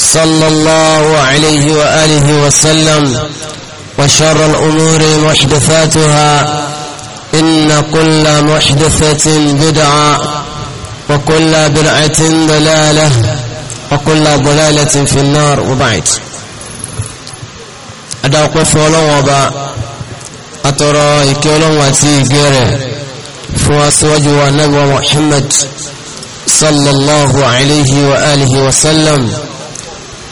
صلى الله عليه وآله وسلم وشر الأمور محدثاتها إن كل محدثة بدعة وكل بدعة ضلالة وكل ضلالة في النار وبعد أدعوكم الله وبا أترى واتي غير فواسواج ونبو محمد صلى الله عليه وآله وسلم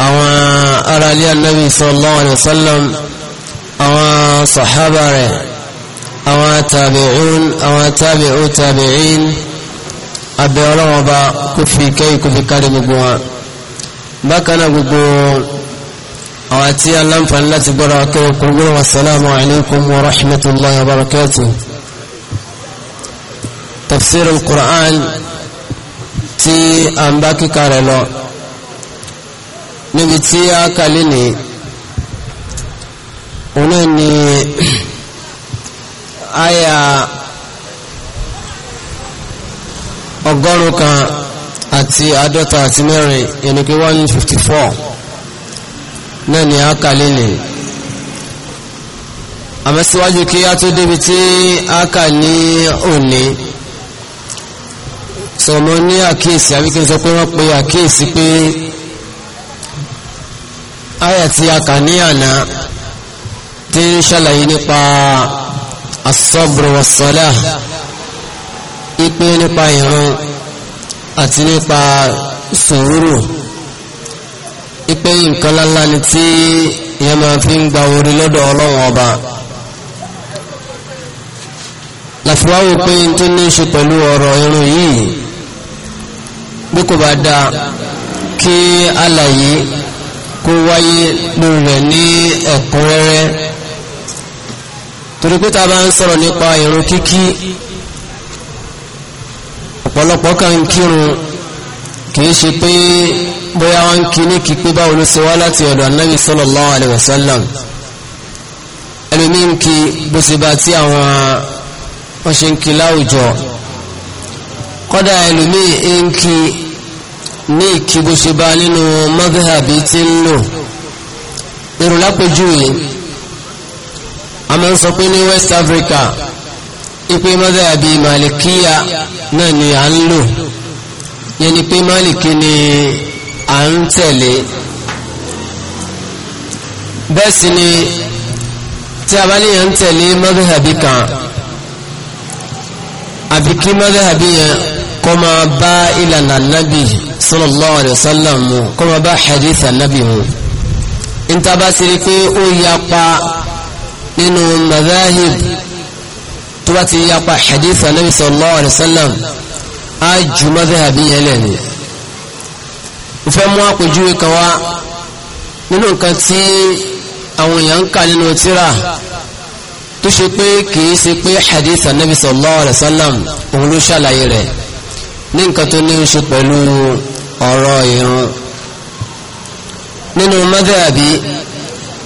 àwọn ará ilé anabi sallallahu alayhi wa sallam àwọn sàhábà rẹ̀ àwọn tàbí'ún àwọn tàbí'ú tàbí'ín abẹ́ ọlọ́wọ́n bá kó fi kẹ́yìn kó fi kárí gbogbo wọn bákan náà gbogbo àwọn àti aláǹfààní láti gbọ́dọ̀ akẹ́wọ̀n kúrò gbọ́dọ̀ wasalaamu alaykum wa rahmatulahi wa barakatuh. tafsir al-Qur'an tí a ń bá kíkà rẹ̀ lọ níbi tí a kàlẹ́ ní òun ni àyà ọgọ́rùn kan àti àádọ́ta àti mẹ́rin yẹnìkí one fifty four náà ni a kàlẹ́ ní àmọ́ síwájú kí a tó débi tí a kà ní òní sọmọ ní àkíyèsí àbíkí n sọ pé wọ́n pe àkíyèsí pé. So, aya tí a kà ní àná tí ń ṣàlàyé nípa asọ́bùrù wàsálà ipe nípa ìrun àti nípa sùúrù ipe nǹkan lálá ni tí ìyẹn máa fi ń gba orí lọ́dọ̀ ọlọ́run ọba làfiwáwò pé n tó ní í ṣe pẹ̀lú ọ̀rọ̀ irun yìí bí kò bá dáa kí àlàyé kó wáyé lórí rẹ̀ ní ẹ̀kúnrẹ́rẹ́ torí pé tá a bá ń sọ̀rọ̀ nípa ìrun kíkí ọ̀pọ̀lọpọ̀ kan ń kírun kìí ṣe pé bóyá wọn kí ní kí pé báwo ló ṣe wá láti ọ̀dọ̀ anábì sallallahu alaihi wasallam ẹlòmí ń kí bó ṣe bá tí àwọn wọn ṣe ń kí láwùjọ kọ́dà ẹlòmí ń kí ní ìkíboṣeba nínú mọ́gàbí tí ń lò èrò lápèjúwe a máa ń sọ pé ní West Africa ipe mọ́gàbí malikiya náà ni à ń lò yẹn ni pé maliki ni à ń tẹ̀lé bẹ́ẹ̀ sì ni tí a bá níyàn ń tẹ̀lé mọ́gàbí kan àbí kí mọ́gàbí yẹn kọ́ máa bá ìlànà nábì sallallahu alaihi wasallam mu kọ́ máa bá hadith nábì mu níta bá ti rí pé ó yapa nínú madahib tó bá ti yapa hadith nábì sallallahu alaihi wasallam á ju madahabi yẹn lẹ́nu mo fẹ́ mú àpèjúwe kan wá nínú nǹkan tí àwọn èèyàn ń kà nínú tírà tó ṣe pé kìí sallallahu alayhi wa sallam òun ló ṣàlàyé rẹ̀ ní nǹkan tó ní í ṣe pẹ̀lú ọ̀rọ̀ ìrun nínú mọ́dàbí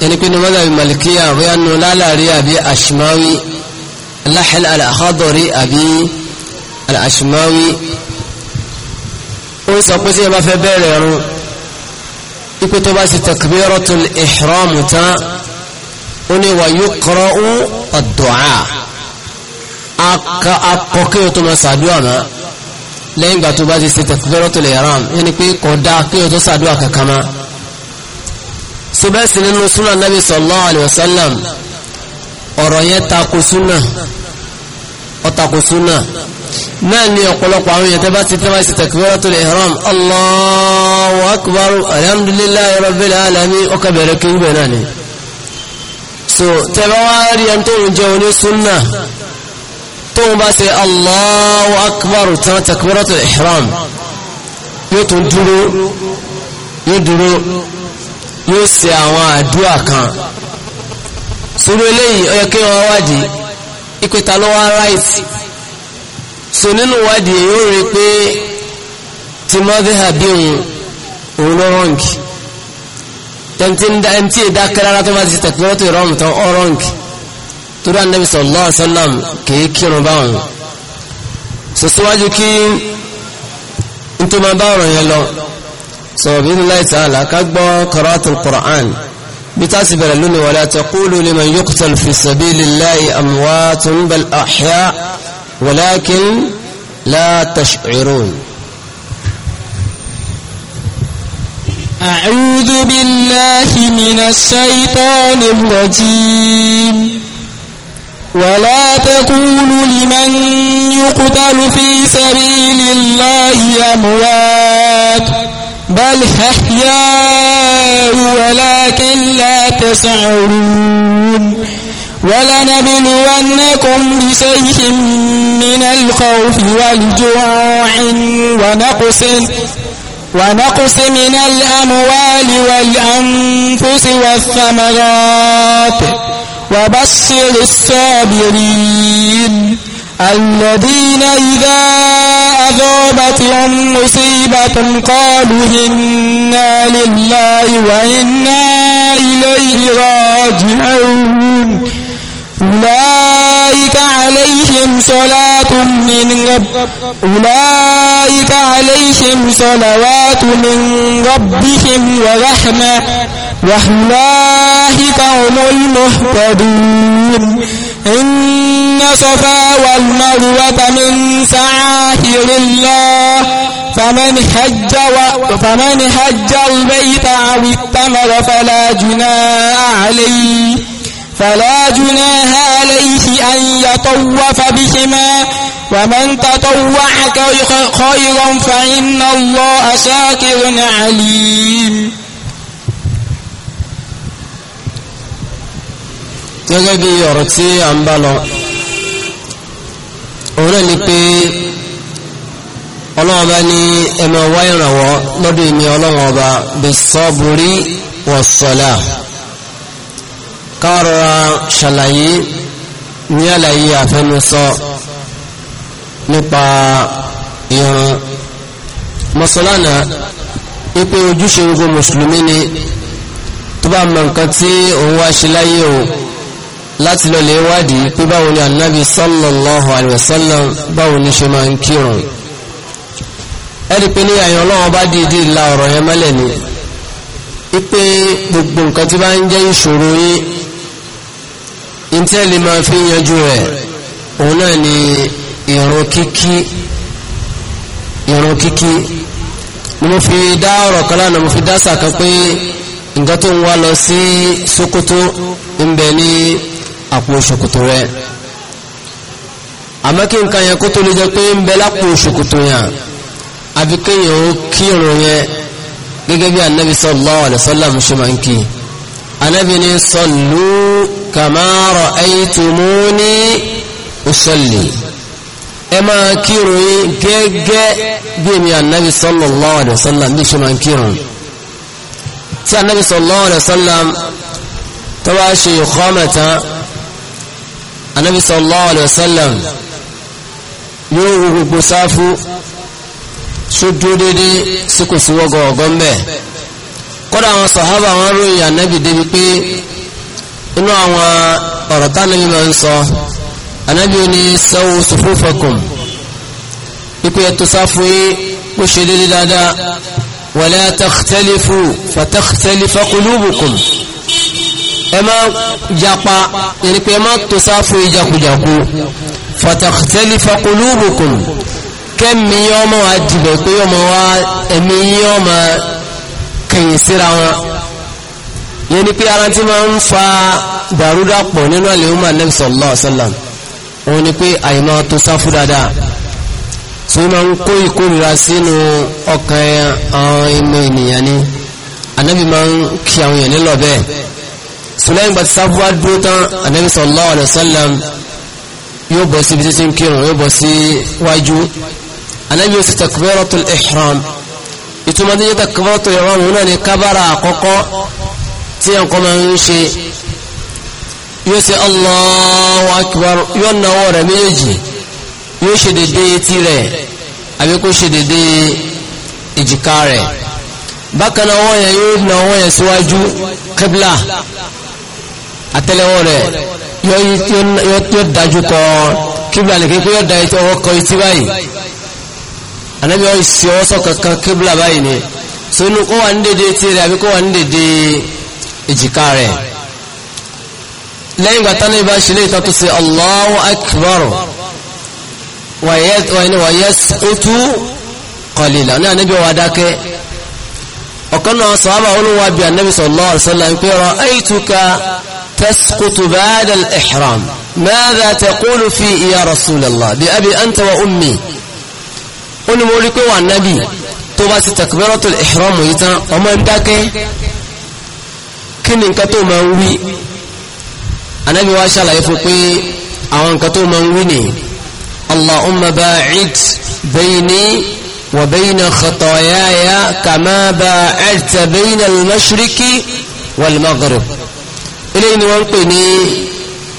ẹni pé nínú mọ́dàbí malikiya bóyá nínú lálàrí àbí àṣìmáwí láhìl àlàkádọ̀rí àbí àṣìmáwí ó sọ pé tí ẹ bá fẹ́ bẹ̀rẹ̀ ìrun ipò tó bá ṣe takbiratul ihram tán ó ní wà yuqra'u ad-du'a akọ̀kẹ́ tó máa ṣàdúrà náà lẹ́yìn ìgbà tó bá ti ṣe takbiratul ihram yẹn ni pé kọ̀dá kí o tó ṣàdúrà kankan ma síbẹ̀sì nínú súnà nàbì sallallahu alayhi wa sallam ọ̀rọ̀ yẹn tako súnà ọ̀tako súnà náà ni ọ̀pọ̀lọpọ̀ àwọn èèyàn tẹ́ bá ti tẹ́ bá ti ṣe takbiratul Allahu akbar alhamdulillahi rabbil alamin ọkọ̀ bẹ̀rẹ̀ kí n bẹ̀ náà ni so tẹ́ wá rí ẹni tó ń jẹ́ oní súnà tó ń bá ṣe Allahu akbar tán takbiratul ihram yóò tún dúró yóò dúró yóò ṣe àwọn àdúrà kan sórí eléyìí ó yẹ kí wọ́n wádìí ìpẹta ló wá ráìtì so nínú wádìí èyí ó rí pé tí mọ́déhà òun ló rọ́ǹkì tẹ́ntì ń dá ẹni tí bá ti tẹ̀kọ́ tó rọ́ǹkì torí anabi sallallahu alaihi wasallam kìí kírun báwọn so síwájú kí n tó máa bá ọ̀rọ̀ yẹn lọ sọ̀rọ̀ bí nílá ta'ala ká gbọ́ qira'atul Qur'an bí tá a sì bẹ̀rẹ̀ lónìí wala taqulu liman yuqtal fi sabilillahi amwatun bal ahya walakin la tash'urun. أعوذ بالله من الشيطان الرجيم ولا تقول لمن يقتل في سبيل الله أموات بل أحياء ولكن لا تسعرون ولنبلونكم بشيء من الخوف والجوع ونقص ونقص من الأموال والأنفس والثمرات وبشر الصابرين الذين إذا أذابتهم مصيبة قالوا إنا لله وإنا إليه راجعون أولئك عليهم صلاة من رب أولئك عليهم صلوات من ربهم ورحمة وأولئك هم المهتدون إن صفا والمروة من سعاهر الله فمن حج و... فمن حج البيت أو التمر فلا جناح عليه فلا جناح عليه أن يطوف بهما ومن تطوع خيرا فإن الله شاكر عليم gẹ́gẹ́ bí ọ̀rọ̀ tí a ń bá lọ òun náà ni pé ọlọ́wọ́ bá ní ẹnu ọwá ìrànwọ́ lọ́dún ìní ọlọ́wọ́ ọba bisaburi wassala káàrọ̀ra ṣàlàyé ní àlàyé àfẹnusọ nípa ìrun mọ́sálánà wípé ojúṣe gbogbo mùsùlùmí ni tó bá mọ nǹkan tí òun wá ṣe láyé o láti lọ lè wádìí pé báwo ni annabi sallallahu alaihi wasallam báwo ni ṣe máa ń kírun ẹni pé ní àyàn ọlọ́wọ́ bá dìídì la ọ̀rọ̀ yẹn mọ́lẹ̀ ni wípé gbogbo nǹkan tí bá ń jẹ́ ìṣòro yín ntẹ́ lè máa fi yanjú rẹ̀ òun náà ni ìrun kíkí ìrun kíkí ni mo fi dá ọ̀rọ̀ kan lánàá mo fi dá sàkán pé nǹkan tó ń wá lọ sí Sokoto ń bẹ ní àpò ṣòkòtò rẹ̀ àmọ́ kí nǹkan yẹn kó tó lè jẹ́ pé ń bẹ lápò ṣòkòtò yẹn àfi kéèyàn ó kírun yẹn gẹ́gẹ́ bí anabi sallallahu alayhi wa sallam ṣe máa ń kí anabi ní sallu kama ra'aytumuni usalli ẹ máa kírun yín gẹ́gẹ́ bí èmi anabi sallallahu alayhi bí ṣe máa ń kírun tí anabi sallallahu alayhi wa sallam tó bá anabi sallallahu alayhi wa sallam yóò wo gbogbo sáfù sódó dédé sí kò sí wọ́gọ̀ ọ̀gọ́n bẹ́ẹ̀ kódà àwọn sàhábà wọn ròyìn anabi débi pé inú àwọn ọ̀rọ̀ tánàbí máa ń sọ anabi ò ní sawu sufufakum ipe ẹ̀tọ́ yìí kó ṣe dédé dáadáa wala takhtalifu fatakhtalifa qulubukum ẹ má japa yẹni pé ẹ má tó sáfù ìjakujàku fatakhtalifa qulubukum kẹ́mi ọmọ wa dìbẹ̀ pé ọmọ wa ẹ̀mí ọmọ kẹ̀yìn síra wọn yẹni pé ara tí máa ń fa dàrúdàpọ̀ nínú àlèhùnmá nẹ́bí sallallahu alaihi wasallam òun ni pé àyìnbá tó sáfù dáadáa tí ó kó ìkórìíra sínú ọkàn àwọn ẹmọ ènìyàn ni anábì máa ń kí àwọn èèyàn nílọ bẹ́ẹ̀ sùlẹ́yìn gbàtí sáfúwá dúró tán anabi sallallahu alayhi wa sallam yóò bọ̀ sí ibi tí ń kírun yóò bọ̀ sí wájú anabi yóò sì takbiratul ihram ìtumọ̀ tó yẹ takbiratul ṣe dédé etí rẹ̀ àbí ṣe dédé èjìká rẹ̀ bákan yẹn yóò náwó yẹn síwájú kébìlà àtẹ́lẹwọ́ rẹ̀ yóò dájú kọ kíbla nìkan pé yóò da etí ọwọ́ kọ etí báyìí ànábi ọ ìsì ọwọ́ sọ kankan kíbla báyìí ni so inú kó wà ní dédé etí rẹ̀ àbí kó wà ní dédé èjìká rẹ̀ lẹ́yìn ìgbà tánà ìbá ṣe lè tọ́tù sí Allahu Akbar wàyẹ́ sùkútù kọlìlà ní ànábi ọwọ́ adákẹ́ ọ̀kan náà sọ̀hábà olúwa bí ànábi sallallahu alaihi wasallam ń pè rọ تسقط بعد الإحرام ماذا تقول في يا رسول الله بأبي أنت وأمي قل مولك والنبي تباس تكبيرة الإحرام يتا ومن داك كن انك تو منوي النبي واشا لا يفقي أو انك تو منويني اللهم باعد بيني وبين خطاياي كما باعدت بين المشرك والمغرب eléyìí ni wọ́n ń pè ní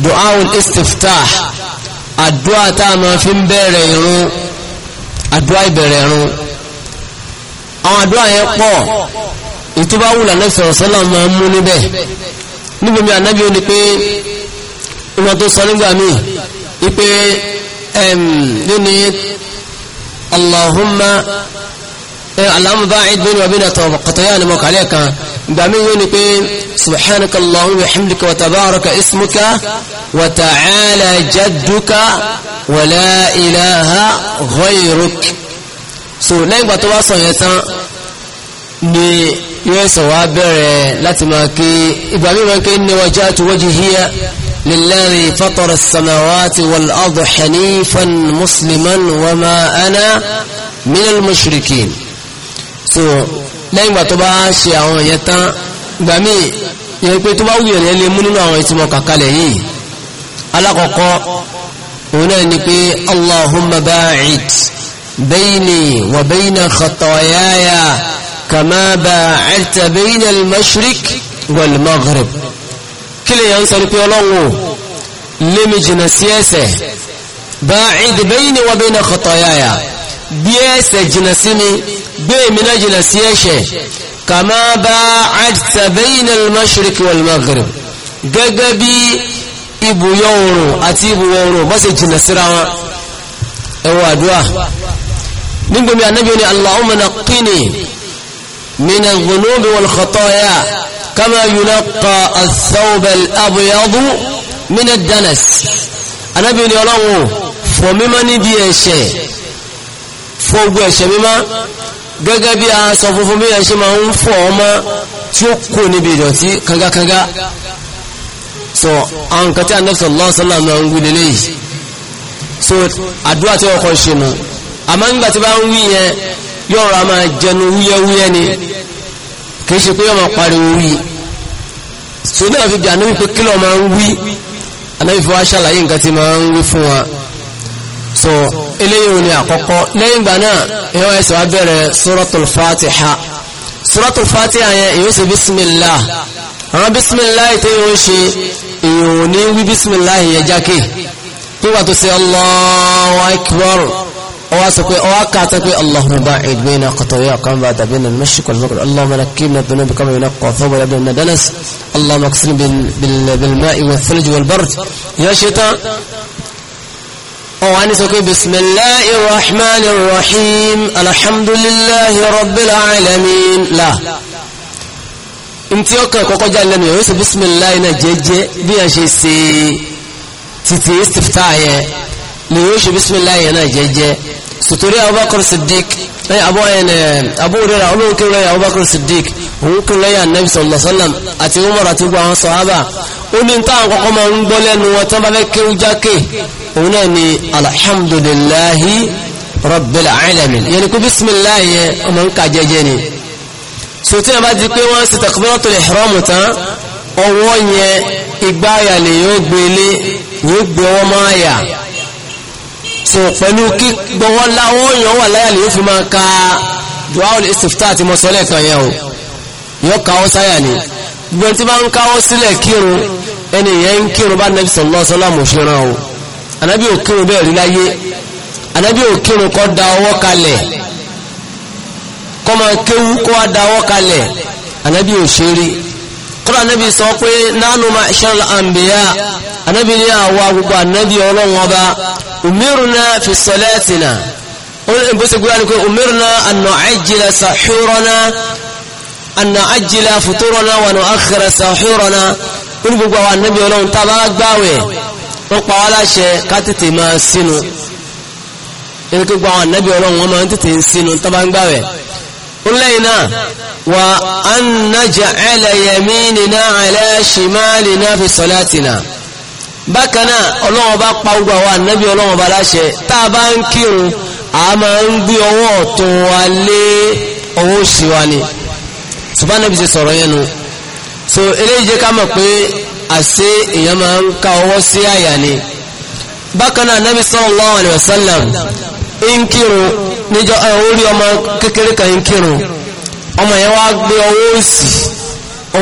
du'aul istiftah àdúrà tá a máa fi ń bẹ̀rẹ̀ irun àdúrà ìbẹ̀rẹ̀ irun àwọn àdúrà yẹn pọ̀ ìtúbà wùlà náà sọ̀rọ̀ sọ́lá máa ń mú níbẹ̀ níbi mi ànábì ó ní pé ìwọ̀n tó sọ nígbà míì wípé ẹ̀m ní Allahumma. إيه، اللهم باعد بيني وبين طبقتيان موك عليك دامين يوني سبحانك اللهم وبحمدك وتبارك اسمك وتعالى جدك ولا إله غيرك سو لين بتواصل يا سان ني يوسف وابر لاتماكي ابامي وانكي اني وجهت وجهي لله فطر السماوات والارض حنيفا مسلما وما انا من المشركين so lẹ́yìn ìgbà tó bá ṣe àwọn ìyẹn tán ìgbà míì ìyẹn pé tó bá wù yẹn lè mú nínú àwọn ìtìmọ̀ kàkalẹ̀ yìí alákọ̀ọ́kọ́ òun náà ni pé allahumma ba'id bayni wa bayna khataayaya kama ba'idta bayna al-mashriq wal maghrib kí lè sọ pé ọlọ́run lémi jìnnà sí ba'id bayni wa bayna khataayaya bí ẹ̀ṣẹ̀ jìnà sí mi gbé èmi náà jìnà sí ẹ̀ṣẹ̀ kàmá bá àdìtà bayna al-mashriq wal-maghrib gẹ́gẹ́ bí ibùyọ oòrùn àti ibùwọ̀ oòrùn bá ṣe jìnà síra wọn ẹwọ àdúrà nígbèmí ànábì ni Allahumma naqqini min al-dhunubi wal-khataya kama yunaqqa ath-thawb al-abyad danas ànábì ni ọlọ́wọ́ fọ̀ mímọ́ níbi ẹ̀ṣẹ̀ fọ ogun ẹ̀ṣẹ̀ mímọ́ gẹ́gẹ́ bí aṣọ funfun bí ẹ̀ṣẹ̀ máa ń fọ ọmọ tí ó kò níbi ìdọ̀tí kangakanga so àwọn nǹkan tí anẹ́fẹ̀ lọ́sọ́lá náà ń wílé léyìí so àdúrà tí wọ́n kọ́ ṣe nù àmọ́ nígbà tí bá ń wí yẹn yóò ra máa jẹnu wúyẹ́wúyẹ́ ni kìí ṣe pé yóò máa pariwo wí so náà fi bí anábì pé kí máa ń wí anábì fún wa ṣàlàyé nǹkan tí máa ń wí fún wa so eléyìí ni àkọ́kọ́ lẹ́yìn ìgbà náà èyàn ẹsẹ̀ wá bẹ̀rẹ̀ suratul fatiha suratul fatiha yẹn èyàn ṣe bismillah àwọn bismillah ètò èyàn ṣe èyàn ò ní wí bismillah yẹn jákè nígbà tó ṣe allahu akbar ọwọ́ sọ pé ọwọ́ kàtà pé allahumma ba'id bayna qatawiyaka wa ba'dina al-mashriq wal-maghrib allahumma naqqina dhunuba wọ́n ní sọ pé bismillahi rahman rahim alhamdulillahi rabbil alamin la ntí ọkàn kọ́kọ́ já lẹ́nu yẹn ó sì bismillahi náà jẹ́jẹ́ bí a ṣe ṣe títí istiftah yẹn lè yóò ṣe bismillahi náà jẹ́jẹ́ sòtòrí abubakar siddiq eh, abu rira olóhùn kí lẹ́yìn abubakar siddiq òun kí lẹ́yìn anabi sallallahu alaihi wasallam àti umar àti gbogbo àwọn sọ̀hábà ó ní táwọn kọ́kọ́ máa ń gbọ́ lẹ́nu wọn tán bá fẹ́ kéwú jákè òun náà ni alhamdulillahi rabbil alamin yẹn ni kó bisimilahi yẹn ọmọ ń ka jẹjẹ ni sòtí yẹn bá di pé wọ́n ti takbiratul ihram tán ọwọ́ yẹn igbá lè yóò gbélé yóò gbé ọwọ́ máa yà. sùn pẹ̀lú kí gbọ́wọ́ láwọ́ wà láyà fi máa ka duawul istifta àti mọ̀sọ́lẹ̀ kan yẹn o yọ káwọ́ sáyà ni gbogbo tí bá ń káwọ́ sílẹ̀ kírun ẹni yẹn ń kírun bá nàbì sallallahu alaihi wasallam òṣèrán o ànábì ò kírun bẹ́ẹ̀ rí láyé ànábì ò kírun kọ́ da ọwọ́ kalẹ̀ kọ́ máa kéwú kọ́ wá da ọwọ́ kalẹ̀ umirna fi salatina bó ṣe gbéra ni pé umirna an nu'ajjila sahurana an nu'ajjila futurana wa nu'akhkhira sahurana nínú gbogbo àwọn ànábì ọlọ́run tá a bá gbàwẹ̀ wọ́n pa wá láṣẹ ká tètè máa sínú nínú gbogbo àwọn ànábì ọlọ́run wọ́n máa ń tètè sínú tá a bá ń gbàwẹ̀ lẹ́yìn náà wa an naj'ala yaminina ala shimalina fi salatina. bákanáà ọlọ́wọ́ bá pa ogun àwọn ànábí ọlọ́wọ́ bá láṣẹ tá a bá ń kírun a máa ń gbé ọwọ́ ọ̀tún wa lé ọwọ́ òsì wa ni ṣe sọ̀rọ̀ so eléyìí jẹ́ ká mọ̀ pé àṣé èèyàn máa ń ka ọwọ́ sí àyà ni bákanáà ànábì ń kírun níjọ orí ọmọ kan ń kírun ọmọ yẹn wá gbé ọwọ́ òsì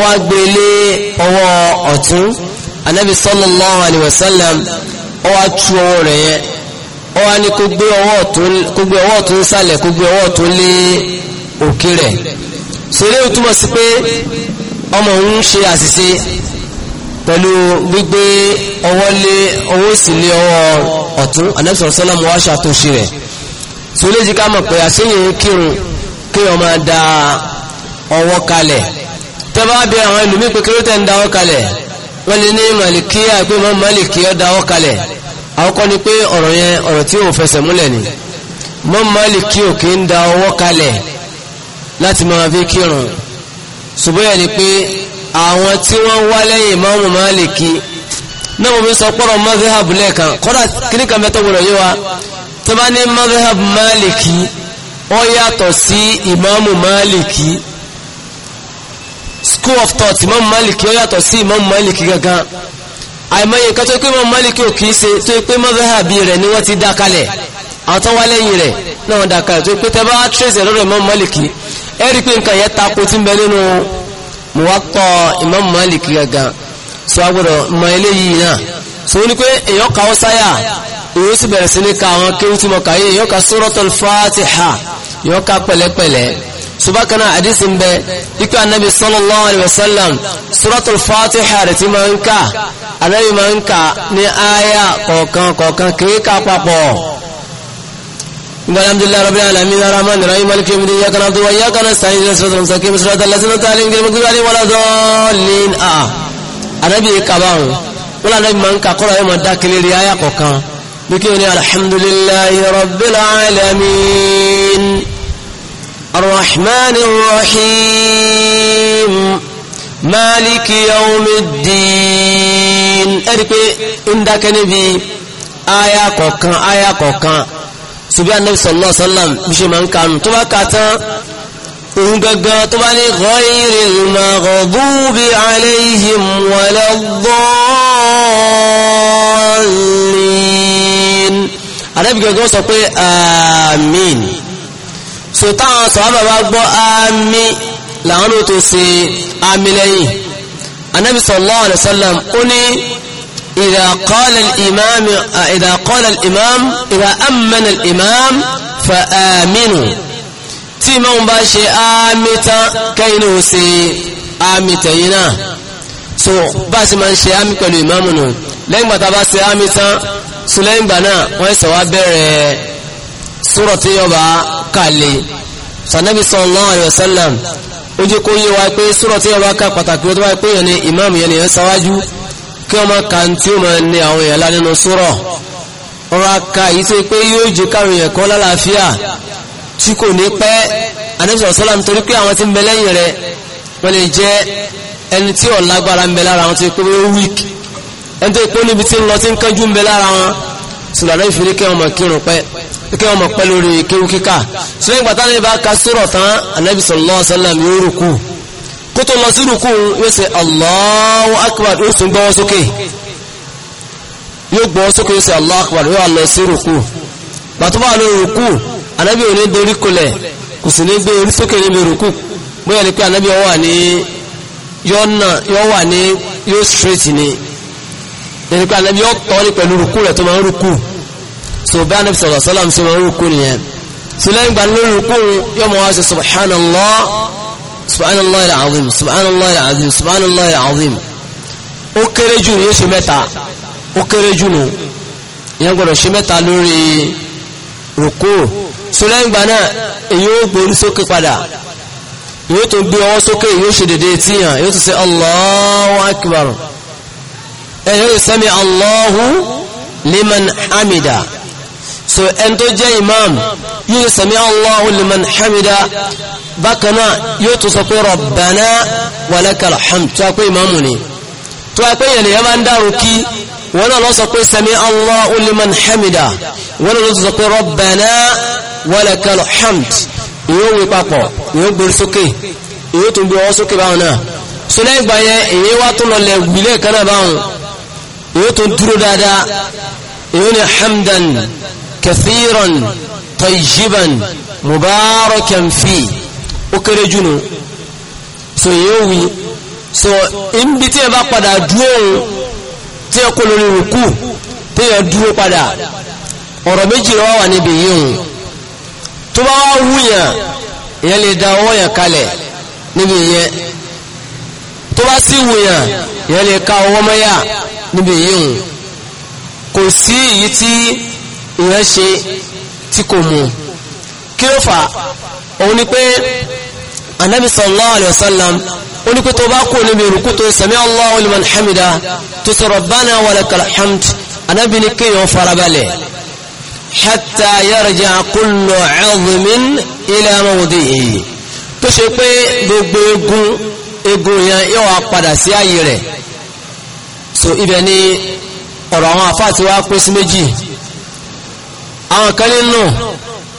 wá gbé lé ọwọ́ anabi sallallahu alayhi wa sallam ó wá tú ọwọ́ rẹ̀ yẹn ó wá ní kó gbé ọwọ́ ọ̀tún sálẹ̀ kó gbé ọwọ́ ọ̀tún lé òkè rẹ̀ sèré ó túmọ̀ sí pé ọmọ òun ṣe àṣìṣe pẹ̀lú gbígbé ọwọ́ lé ọwọ́ òsì lé ọwọ́ ọ̀tún anabi sallallahu alayhi wa ṣàtúnṣe rẹ̀ sèré jí ká mọ̀ pé àṣeyìn kírun kí ọmọ da ọwọ́ kalẹ̀ tẹ́ bá bẹ àwọn ẹlòmíì pé kí ló tẹ̀ ń da ọwọ́ kalẹ̀ wọ́n lè ní màlìkíyà pé mọ́ màlìkíyà dáwọ́ kalẹ̀ àkọ́kọ́ ni pé ọ̀rọ̀ yẹn ọ̀rọ̀ tí ò fẹsẹ̀ múlẹ̀ ni mọ́ màlìkíyà kì í da ọwọ́ kalẹ̀ láti máa fi kírun ṣùgbọ́n ni pé àwọn tí wọ́n wá lẹ́yìn mọ́mù màlìkí náà mo fi sọ pọ́rọ̀ mazhab lẹ́ẹ̀kan kọ́dà kíní mẹ́tọ́ gbọ́dọ̀ yé wa tó bá ní mazhab màlìkí ó yàtọ̀ sí ìmáàmù màlìkí school of thought imam malik yóò yàtọ̀ sí imam malik gangan àìmọye nǹkan tó pé imam malik ò kìí ṣe tó pé madhabi rẹ̀ ni wọ́n ti dá kalẹ̀ àwọn tó wá lẹ́yìn rẹ̀ náà wọ́n dá kalẹ̀ tó pé tẹ́ bá trace lọ́rọ̀ imam malik ẹ rí pé nǹkan yẹn tako ti ń bẹ nínú muwatta imam malik gangan sọ agbọ́dọ̀ mọ eléyìí náà sọ wọ́n ni pé èèyàn kàó sáyà èèyàn sì bẹ̀rẹ̀ sí ní ka àwọn kéwù tí mo èèyàn ka suratul fatiha èèyàn ka pẹ̀lẹ́pẹ̀lẹ́ subakana hadisi ń bẹ ikú anabi sallallahu alayhi wa sallam suratul fatiha rẹ̀ ti máa ń kà anabi máa ń kà ní aya kọ̀ọ̀kan kọ̀ọ̀kan kìí kà papọ̀ alhamdulillahi rabbil alamin arrahmanir rahim maliki yawmiddin iyyaka na'budu wa iyyaka nasta'in ihdinas siratal mustaqim siratal ladzina an'amta alayhim ghayril maghdubi alayhim waladdallin a anabi kabaun wala anabi máa ń kà kọ́ra yóò máa aya kọ̀ọ̀kan bí kí ni alhamdulillahi rabbil alamin. الرحمن الرحيم مالك يوم الدين أريكي عندك نبي آية كوكا آية كوكا سبحان النبي صلى الله عليه وسلم بشي من كان تبا كاتا وغغا تبا غير المغضوب عليهم ولا الضالين أنا بقى سوى آمين so táwọn sọ̀rọ̀ bá gbọ́ àmì làwọn ló tó ṣe àmì lẹ́yìn anabi sallallahu alayhi wa sallam ó ní idha qala al-imam idha qala al-imam idha ammana al-imam fa aminu tí imam bá ṣe àmì tán kẹ́yìn ó ṣe àmì tẹ̀yìn náà so bá a ṣe máa ń ṣe àmì pẹ̀lú imam nù lẹ́yìn gbàtà bá ṣe àmì tán so gbà náà wọ́n ṣe wá bẹ̀rẹ̀ sùrọ̀ tí yọba kàlẹ̀ sànẹ́bí sallallahu alayhi wa sallam ó jẹ́ kó yé wa pé sùrọ̀ tí yẹn bá ka pàtàkì tó bá pé yẹn ni ìmáàmù yẹn nìyẹn sáwájú kí wọ́n máa ka tí ó máa ní àwọn èèyàn lá nínú sùrọ̀ ọ̀rọ̀ aka yìí tó pé yóò jẹ́ káwọn èèyàn kọ́ lálàáfíà tí kò ní pẹ́ anẹ́bí sọ̀sọ́lá nítorí pé àwọn tí ń bẹ lẹ́yìn rẹ̀ wọ́n lè jẹ́ ẹni tí ó ń bẹ lára wọn tó pé ó wík ẹni tó pé níbi tí ń lọ tí ń kánjú ń bẹ lára wọn sùlọ́dọ̀ ìfìrí kẹ́ wọn mọ̀ kírun pẹ́ kí wọ́n mọ̀ pẹ́ lórí kéwú kíkà ṣùgbọ́n ìgbà táwọn ìbá ka sórọ̀ tán anabi sallallahu alaihi wasallam yóò rúkú kó lọ sí rúkú yóò ṣe Allahu akbar yóò sì gbọ́wọ́ sókè yóò gbọ́wọ́ sókè yóò ṣe Allahu akbar yóò lọ sí rúkú bàtú bá rúkú anabi ò ní dorí kulẹ̀ kò sì ní gbé orí sókè níbi rúkú bóyá ni pé anabi yóò wà ní yóò nà yóò wà ní yóò straight ni yẹn pé anabi yóò tọ́ ni pẹ̀lú rúkú rẹ̀ tó máa ń rúkú so bí anabi sọ̀rọ̀ sọ́lá ṣe máa ń rúkú nìyẹn so lẹ́yìn gbà lórí rúkú yóò mọ̀ wá ṣe subhanallah subhanallah al-azim subhanallah al-azim subhanallah al-azim ó kéré jù yóò ṣe mẹ́ta ó kéré jù nù ìyẹn gbọ́dọ̀ ṣe mẹ́ta lórí rúkú so lẹ́yìn gbà náà èyí ó gbórí sókè yóò tún gbé ọwọ́ sókè yóò ṣe dédé tí yóò tún ṣe Allahu akbar ẹ̀yọ́ ìsẹ́mi Allahu liman hamida so ẹni tó jẹ́ imam yóò sami Allahu liman hamida bákan náà yóò tún sọ pé rabbana walakal hamd tó a pé imamu ni tó a pé yẹn lè yẹn bá ń dárò kí wọn náà lọ sọ pé sami Allahu liman hamida wọn lọ sọ pé rabbana walakal hamd ìyóò wí papọ̀ ìyóò gbèrú sókè ìyóò tún gbé ọwọ́ sókè báwọn náà so lẹ́yìn ìgbà yẹn èyí wá tó lọlẹ̀ wílẹ̀ kan náà báwọn ìyóò tún dúró dáadáa ìyóò ní hamdan kathiran tayyiban mubarakan fi ó kéré jùnú so yóò wí so ibi tí ẹ bá padà dúró tí ẹ kó lórí rùkú tí ẹ dúró padà ọ̀rọ̀ méjì lọ́wọ́ wà níbi yìí tó bá wá wúyàn ìyẹn lè da ọwọ́ yẹn kalẹ̀ níbi yẹn tó bá sí wúyàn ìyẹn lè ka ọwọ́ mọ́yà níbi yìí kò sí èyí tí èèyàn ṣe tí kò mú kí ló fà òun ni pé anabi sallallahu alayhi wa sallam ó ní pé tó bá kú níbi ìrùkú tó sami Allahu liman hamida tó sọ rabbana walakal hamd anabi ni kéèyàn farabalẹ̀ hatta yóò wá padà sí ààyè ọ̀rọ̀ àwọn afáàtí wa pín sí méjì àwọn kan nínú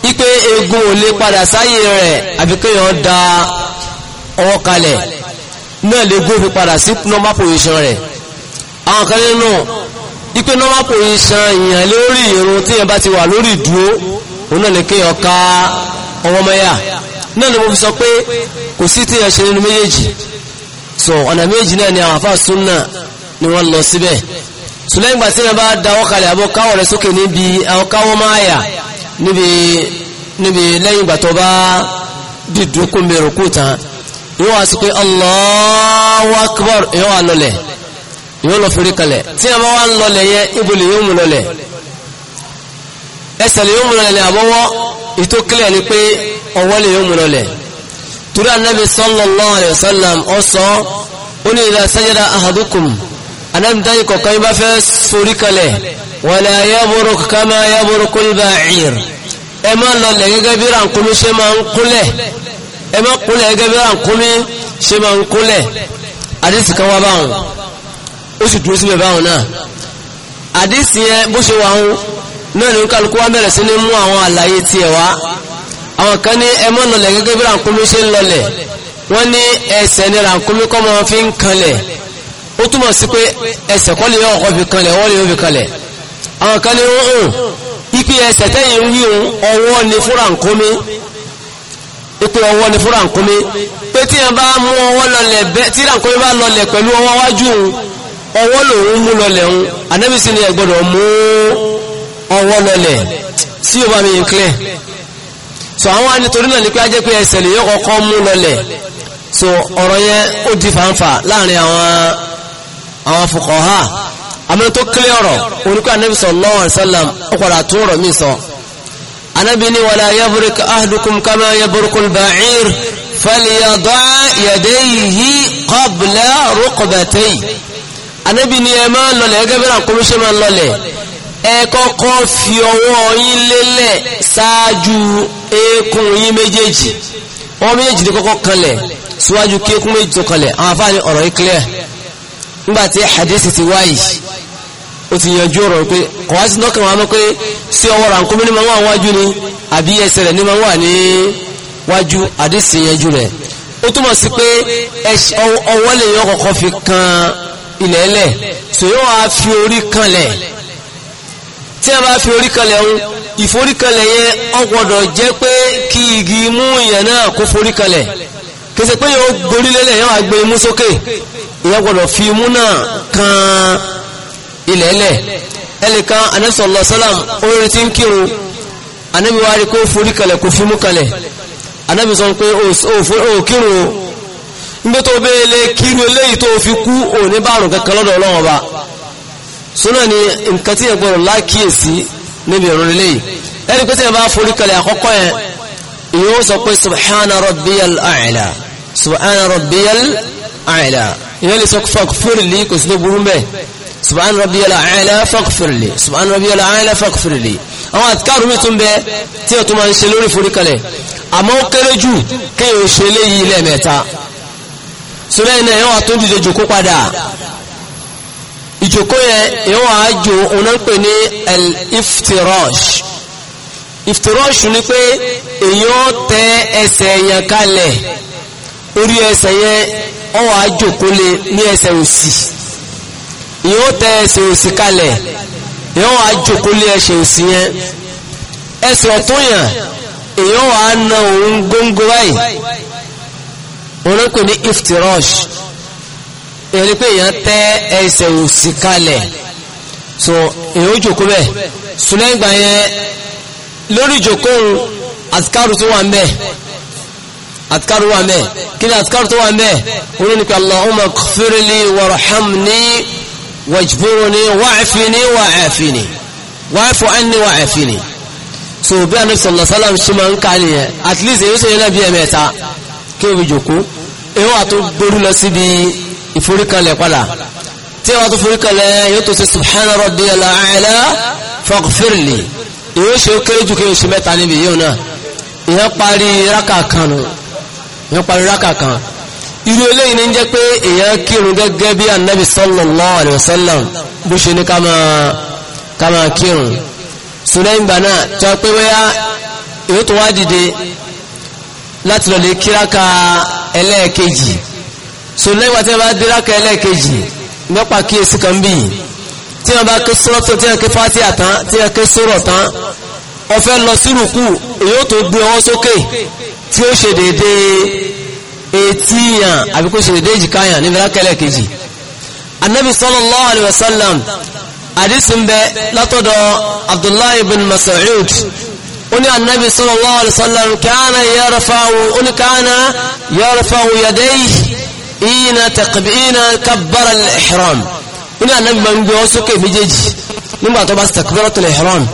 wípé egun ò lè padà sáyé rẹ̀ àbíkéyàn da ọwọ́ kalẹ̀ náà lè gún fi padà sí normal position rẹ̀ àwọn kan nínú wípé normal position èèyàn lórí irun tí èèyàn bá ti wà lórí ìdúró òun náà lè kéèyàn ká ọwọ́ mẹ́yà náà ni mo fi sọ pé kò sí tí èèyàn ṣe nínú méjèèjì so ọ̀nà méjì náà ni àwọn àfáà súnà ni wọ́n lọ síbẹ̀ sùlẹ́yìn gbà tí wọ́n bá dáwọ́ kalẹ̀ àbọ̀ káwọ̀ rẹ̀ sókè níbi àwọn káwọ́ máa yà níbi níbi lẹ́yìn gbà tó bá dìdú kó mẹ́rù kú tán yóò wá sí pé Allahu Akbar yóò wá lọlẹ̀ yóò lọ fèrè kalẹ̀ tí wọ́n bá wá ń lọlẹ̀ yẹn ibo lè yóò mú lọlẹ̀ ẹsẹ̀ lè yóò mú lọlẹ̀ àbọ̀wọ́ ètò kílẹ̀ ni pé ọwọ́ lè yóò mú lọlẹ̀ torí Ànábì sallallahu alaihi wasallam ó sọ ó ní idha sajada ahadukum anamtani kọ̀kan bá fẹ́ sorí kalẹ̀ wala yaburuk kama yaburukul ba'ir ẹ má lọlẹ̀ gẹ́gẹ́ bí ràǹkúmí ṣe máa ń kúnlẹ̀ ẹ má kúnlẹ̀ gẹ́gẹ́ bí ràǹkúmí ṣe máa ń kúnlẹ̀ àdísì kan wá báwọn ó sì dúró síbẹ̀ báwọn náà àdísì yẹn bó ṣe wà ń náà ní kálukú wá bẹ̀rẹ̀ sí ní mú àwọn àlàyé tiẹ̀ wá àwọn kan ní ẹ má lọlẹ̀ gẹ́gẹ́ bí ràǹkúmí ṣe ń lọlẹ̀ wọ́n ní ẹsẹ̀ ni ràǹkúmí kọ́ máa fi ń kanlẹ̀ ó túmọ̀ sí pé ẹsẹ̀ kọ́ lè yọ ọkọ̀ fi kanlẹ̀ ọwọ́ lè yọ fi kanlẹ̀ àwọn kan ní ọ̀hún ipe ẹsẹ̀ tẹ́yìn ń wí òun ọwọ́ ni fúra ń kómi ipe ọwọ́ ni fúra ń kómi pé tí yẹn bá mú ọwọ́ lọlẹ̀ bẹ́ẹ̀ tí ra ń bá lọlẹ̀ pẹ̀lú ọwọ́ wájú ọwọ́ lòun mú lọlẹ̀ ń anábì sí ni ẹ gbọ́dọ̀ mú ọwọ́ lọlẹ̀ sí yóò bá mi yín clear so àwọn anitori náà ni pé ajẹ́ pé ẹsẹ̀ lè yọ kọ́kọ́ mú lọlẹ̀ so ọ̀rọ̀ yẹn ó di fàǹfà láàrin àwọn àwọn fuqaha àmọ́ tó kílẹ̀ ọ̀rọ̀ oníkó anábì sallallahu alaihi wasallam ó padà tún ọ̀rọ̀ mi sọ anábì ní wala yabrik ahadukum kama yabrikul ba'ir falyada' yadayhi qabla rukbatayhi anábì ní ẹ máa lọlẹ̀ ẹgẹ́ bí ràkúnmí ṣe máa lọlẹ̀ ẹ kọ́kọ́ fi ọwọ́ yín lélẹ̀ ṣáájú eékún yín méjèèjì wọ́n méjèèjì ní kọ́kọ́ kanlẹ̀ síwájú kí eékún méjèèjì tó kanlẹ̀ àwọn afáàní ọ̀rọ̀ yìí clear nígbàtí hadith ti wáyì ó ti yanjú ọ̀rọ̀ pé kọ̀wá sí lọ́kàn wọn pé sí ọwọ́ ràǹkúmí ní ma wà wájú ni àbí ẹsẹ̀ rẹ̀ ní ma wà ní wájú hadith yanjú rẹ̀ ó túmọ̀ sí pé ọwọ́ lè yan kọ̀kọ́ fi kan ilẹ̀ ẹlẹ̀ tó yóò wá fi orí kanlẹ̀ tí a bá fi orí kanlẹ̀ ń ìforíkanlẹ̀ yẹn ó jẹ́ pé kí igi mú ìyẹn náà kó foríkanlẹ̀ kèsè pé yóò gborí lélẹ̀ yóò wá gbé imú sókè ìyẹn gbọ́dọ̀ fi imú náà kan ilẹ̀ẹ́lẹ̀ ẹnìkan anẹ́sọ̀lọ́ sálàm orin tí ń kírun anábi wá rí kó forí kalẹ̀ kó fimú kalẹ̀ anábi sọ pé ó kírun nígbé tó béèlé kírun eléyìí tó fi kú òní bárùn kankan lọ́dọ̀ ọlọ́run forí kalẹ̀ àkọ́kọ́ yẹn ìyẹn ó sọ pé subhana rabbiyal a'la subhana rabbiyal a'la ìyẹn lè sọ fàkfìrìlì kò sí tó burú bẹ́ẹ̀ subhana rabbiyal a'la fàkfìrìlì subhana rabbiyal a'la fàkfìrìlì àwọn àtikáàrù mi tún bẹ tí o tún máa ń ṣe lórí foríkalẹ̀ àmọ́ ó kéré jù kéèyàn ṣe léyìí lẹ́ẹ̀mẹ́ta sọlá yìí náà yẹn wà tó dìde jòkó padà ìjòkó yẹn yẹn wà á jò òun náà ń pè ní al-iftirash iftirash ni pé èèyàn tẹ ẹsẹ̀ yẹn kalẹ̀ orí ẹsẹ̀ yẹn ọwọ́ àjòkólé ní ẹsẹ̀ òsì ìyẹn ó tẹ ẹsẹ̀ òsì kalẹ̀ ìyẹn ọwọ́ àjòkólé ẹsẹ̀ òsì yẹn ẹsẹ̀ ọ̀tún yàn èyàn wà á na òun góńgó báyìí wọn ló pè ní iftirash èyàn ni pé èyàn tẹ ẹsẹ̀ òsì kalẹ̀ so èyàn ó jòkó bẹ́ẹ̀ sùlẹ́gbà yẹn lórí jòkó àtikáàrù tó wà ń bẹ́ẹ̀ àtikáàrù wà mẹ́ kí ni àtikáàrù tó wà mẹ́ oníni pé Allahumma ighfirli warhamni wajburni wa'afini wa'afini wa'fu anni wa'afini so bí a nọ́bí sallallahu alaihi wasallam ṣe máa ń ká nìyẹn at least èyí ó ṣe yẹn náà bí ẹ̀mẹ́ta kí o fi jòkó èyí wà tó gbóru lọ síbi ìforíkanlẹ̀ padà tí wọ́n tó foríkanlẹ̀ yóò tó ṣe subhana rabbiyal a'la faghfirli èyí ó ṣe ó kéré jù kí o mẹ́ta níbi yóò náà ìyẹn parí rákà kanu yẹn parí rákà kan irú eléyìí ní jẹ́ pé èèyàn kírun gẹ́gẹ́ bí anabi sallallahu alayhi wa sallam bó ṣe ní ká máa kírun sùlẹ́yìn gbà náà tí wọ́n pé wáyà èyí tó wá dìde láti lọ lè kíráka ẹlẹ́ẹ̀kejì sùlẹ́yìn wá tí wọ́n bá dé ráka ẹlẹ́ẹ̀kejì mẹ́pà kíyèsí kan bíi tí wọ́n bá ké sọ́tò tí wọ́n ké fati àtàn tí wọ́n ké sọ̀rọ̀ tán ó lọ sí èyí tó gbé ọwọ́ sókè tí ó ṣe dédé etíyàn àbí kó ṣe dédé ìjìkáyàn ní mẹ́rákẹ́lẹ̀ kejì anabi sallallahu alayhi wa sallam àdísì ń bẹ látọ̀dọ̀ abdullahi ibn mas'ud ó ní anabi sallallahu alayhi wa sallam kana yarfa'u ó ní kana yarfa'u yadayhi ìyìnà taqbi'ina kabbara al-ihram ó ní anabi máa ń gbé ọ méjèèjì nígbà tó bá sì takbiratul ihram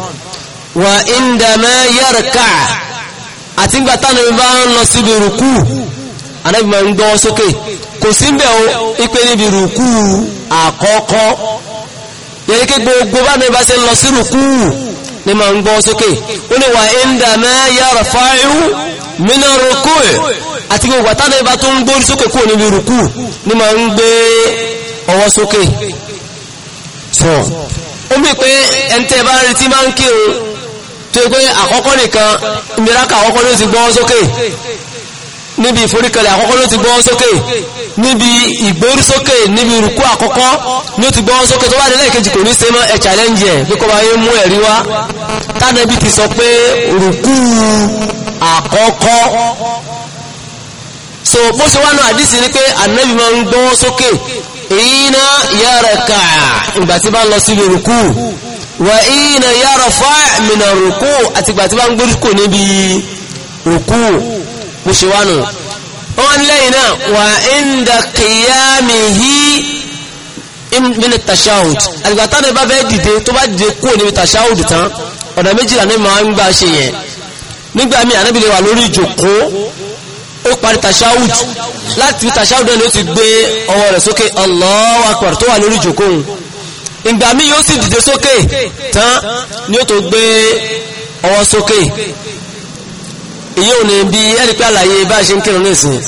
wa indama yarka' àti ń gbà tánà mi bá ń lọ síbi rùkú anábì máa ń gbọ́ sókè kò sí bẹ́ẹ̀ o ipe níbi rùkú àkọ́kọ́ yẹ́n kí gbogbo bá mi bá ṣe lọ sí rùkú ni máa ń gbọ́ sókè ó ní wà ma yarfa'u min ar-ruku' àti gbogbo tó ń gbórí sókè kúrò níbi rùkú ni máa ń gbé ọwọ́ sókè sọ ó pé ẹni bá retí máa ń kírun tó yẹ pé àkọ́kọ́ nìkan ìmìíràkà àkọ́kọ́ ló ti gbọ́wọ́ sókè níbi ìforíkalẹ̀ àkọ́kọ́ ló ti gbọ́wọ́ sókè níbi ìgbórí sókè níbi ìrùkú àkọ́kọ́ ní ó ti gbọ́wọ́ sókè tó bá délẹ̀ ìkejì kò ní ṣe mọ́ ẹ̀ challenge ẹ̀ pé kọ́ bá yé mú ẹ̀rí wá tánàbí ti sọ pé rùkú àkọ́kọ́ so bó ṣe wá náà àdísì ni pé ànábì máa ń gbọ́wọ́ sókè èyí náà yára kà ìgbà tí bá lọ síbi rùkú wà ìyìnà yàrá fáà mìíràn rùkú àtìgbà tí bá ń gbórí kò níbi rùkú bó ṣe wánu wọ́n lẹ́yìn náà wà ìndà kìyàmì hí ìmìnà tàṣáhùd àtìgbà tánà bá bẹ́ẹ̀ dìde tó bá dìde kò níbi tàṣáhùd tán ọ̀nà méjìlá ní ma ń gbà ṣe yẹn nígbà míì ànábì lè wà lórí ìjòkó ó parí tàṣáhùd láti tàṣáhùd náà ni ti gbé ọwọ́ rẹ̀ sókè Allahu akbar tó wà lórí ìjòkó òun ìgbà míì yóò sì dìde sókè tán ni ó tó gbé ọwọ́ sókè èyí ò ní bí ẹni pé àlàyé bá ṣe ń kírun nísìn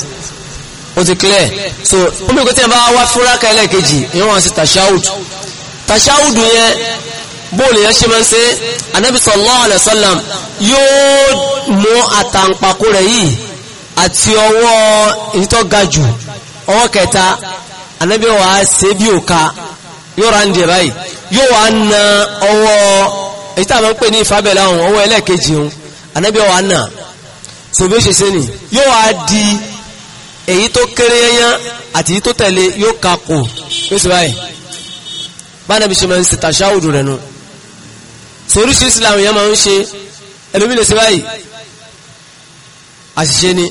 ó ti clear so ó mú ìkọ́tí ẹ̀ bá wá fúráka ẹlẹ́ẹ̀kejì ìwọ̀n sí tashahud tashahud yẹn bóòlù yẹn ṣe máa ń ṣe anabi sallallahu alaihi wasallam yóò mú àtàǹpàkò rẹ̀ yìí àti ọwọ́ ìtọ́gajù ọwọ́ kẹta anabi wàá ṣe bí òka yóò ra ń dè báyìí yóò wá na ọwọ́ èyí tá a máa ń pè ní ìfábẹ́lá ọ̀hún ọwọ́ ẹlẹ́ẹ̀kejì ọ̀hún ànábì ọ̀hún àná so bí ó ṣe ṣe nì yóò wá di èyí tó kéré yẹnyán àti èyí tó tẹ̀lé yóò ka kù yóò báyìí báyìí nàbí ṣe máa ń ṣe tàṣáwùdù rẹ̀ nu so oríṣiríṣi làwọn èèyàn máa ń ṣe ẹlòmí lè ṣe báyìí àṣìṣe ni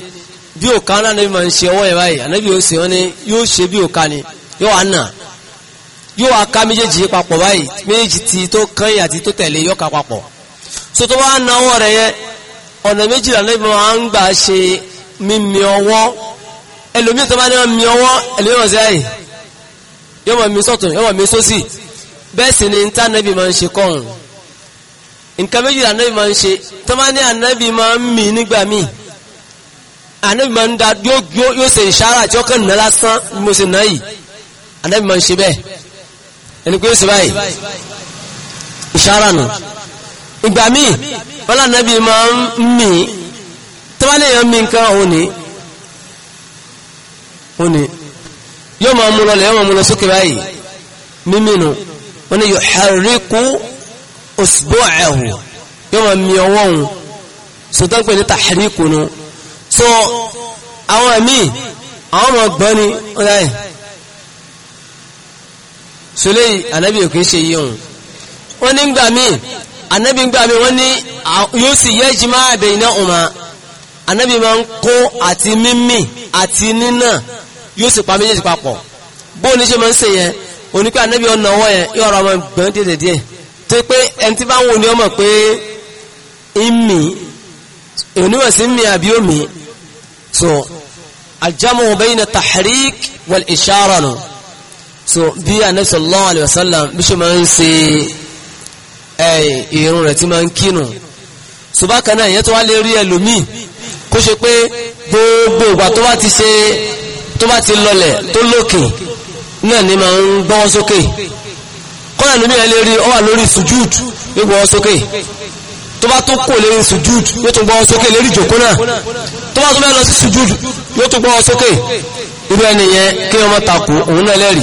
bí òkà náà nàbí máa ń ṣe ọwọ́ yẹn báyìí ànábì ó ṣe wọn ni yóò ṣe bí òkà ni yóò wá náà yóò wá ká méjèèjì papọ̀ báyìí méjèèjì ti tó kẹ́yìn àti tó tẹ̀lé yọ́ka papọ̀ so tó bá na ọwọ́ rẹ̀ yẹn ọ̀nà méjìlá ló máa ń gbà ṣe mímì ọwọ́ ẹlòmíì tó bá ní wọn mi ọwọ́ ẹlòmíì ọ̀sẹ̀ yìí yóò mọ̀ mi sọ̀tún yóò mọ̀ mi sósì bẹ́ẹ̀ sì ni níta nẹ́bí máa ń ṣe kọ́run nǹkan méjìlá nẹ́bí máa ń ṣe tó bá ní ànẹ́bí máa ń mì nígbà míì ànẹ́bí máa ń da yóò ṣe ìṣára ṣe nà ẹni pé yóò báyìí ìṣárànù ìgbà míì wọn lànàbí máa ń mì í tó bá léèyàn mì nǹkan òun ni òun ni yóò máa mú lọlẹ̀ yóò máa mú lọ sókè báyìí mímì nù wọn ni yóò xaríkú usbu'ahu yóò máa mì ọwọ́ òun sọtọ́n pé ní tàxíríkù nù so àwọn míì àwọn ọmọ gbọ́ni ọ̀dà sọlẹ́ yìí anabi ò kìí ṣe yìí hùn wọ́n ní gbà mí anabi gbà mí wọ́n ní yóò sì yẹ jimá bainahuma anabi máa ń kó àti mímì àti nínà yóò sì pa méjèèjì papọ̀ bóun ní máa ń ṣe yẹn onípe anabi ọ̀nà ọwọ́ yẹn yóò rọ ọmọ gbọ́n díẹ̀ díẹ̀ tó pé ẹni tí bá ń wo ni ọmọ pé ìmì oníwọ̀n sí mi àbí omi so aljamu bayna tahrik wal ishara nù. No so bí anabi sallallahu alayhi wa sallam bí ṣe máa ń ṣe ìrun rẹ̀ tí máa ń kínu so bákan náà ìyẹn tó wá lè rí ẹlòmíì kó ṣe pé gbogbo ìgbà tó bá ti ṣe tó bá ti lọlẹ̀ tó lókè náà ni máa ń gbọ́wọ́ sókè kọ́nà lómi ẹ̀ lè rí ọ wà lórí sujud ní gbọ́wọ́ sókè tó bá tó kò lérí sujud yóò tún gbọ́wọ́ sókè lérí jòkó náà tó bá tó bẹ́ẹ̀ lọ sí sujud yóò tún gbọ́wọ́ sókè irú ẹni yẹn kí wọ́n mọ́ òun náà lẹ́rìí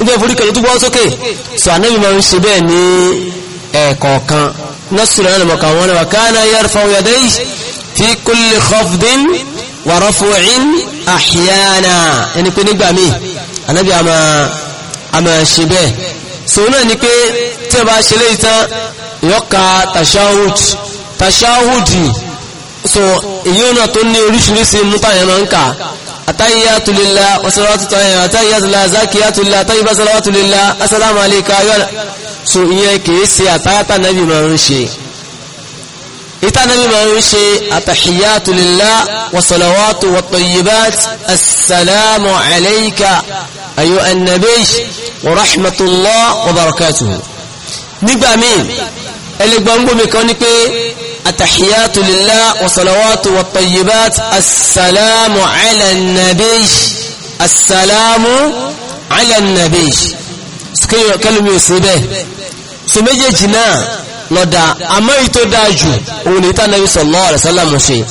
níbi ẹ̀fọ́rí kan tó gbọ́ sókè sọ ànábì máa ń ṣe bẹ́ẹ̀ ní ẹ̀ẹ̀kọ̀ọ̀kan nọ́sùrù náà lọ́mọ̀kan wọn ni wà kana yarfa'u yadayhi fi kulli khafdin wa raf'in ahyana ẹni pé nígbà míì ànábì a máa ṣe bẹ́ẹ̀ sọ náà ni pé tí a bá ṣe léyìí tán ìyọ́ka tashahud tashahudi so èyí náà tó ní oríṣiríṣi mútàyẹ̀ máa atahiyatu lillah wa salawatu tayyib atahiyatu la zakiyatu lillah tayyiba salawatu lillah assalamu alayka ayyuha so iye ke se atayata nabi ma nse ita nabi ma nse atahiyatu lillah wa salawatu wa tayyibat assalamu alayka ayyuha an wa rahmatullah wa barakatuh nígbà mi elegbon gbo mi kan ní pé التحيات لله والصلوات والطيبات السلام على النبي السلام على النبي سكيو كلمة يسيبه سمجي جنا لدى أما يتداجو ونيتا النبي صلى الله عليه وسلم شيء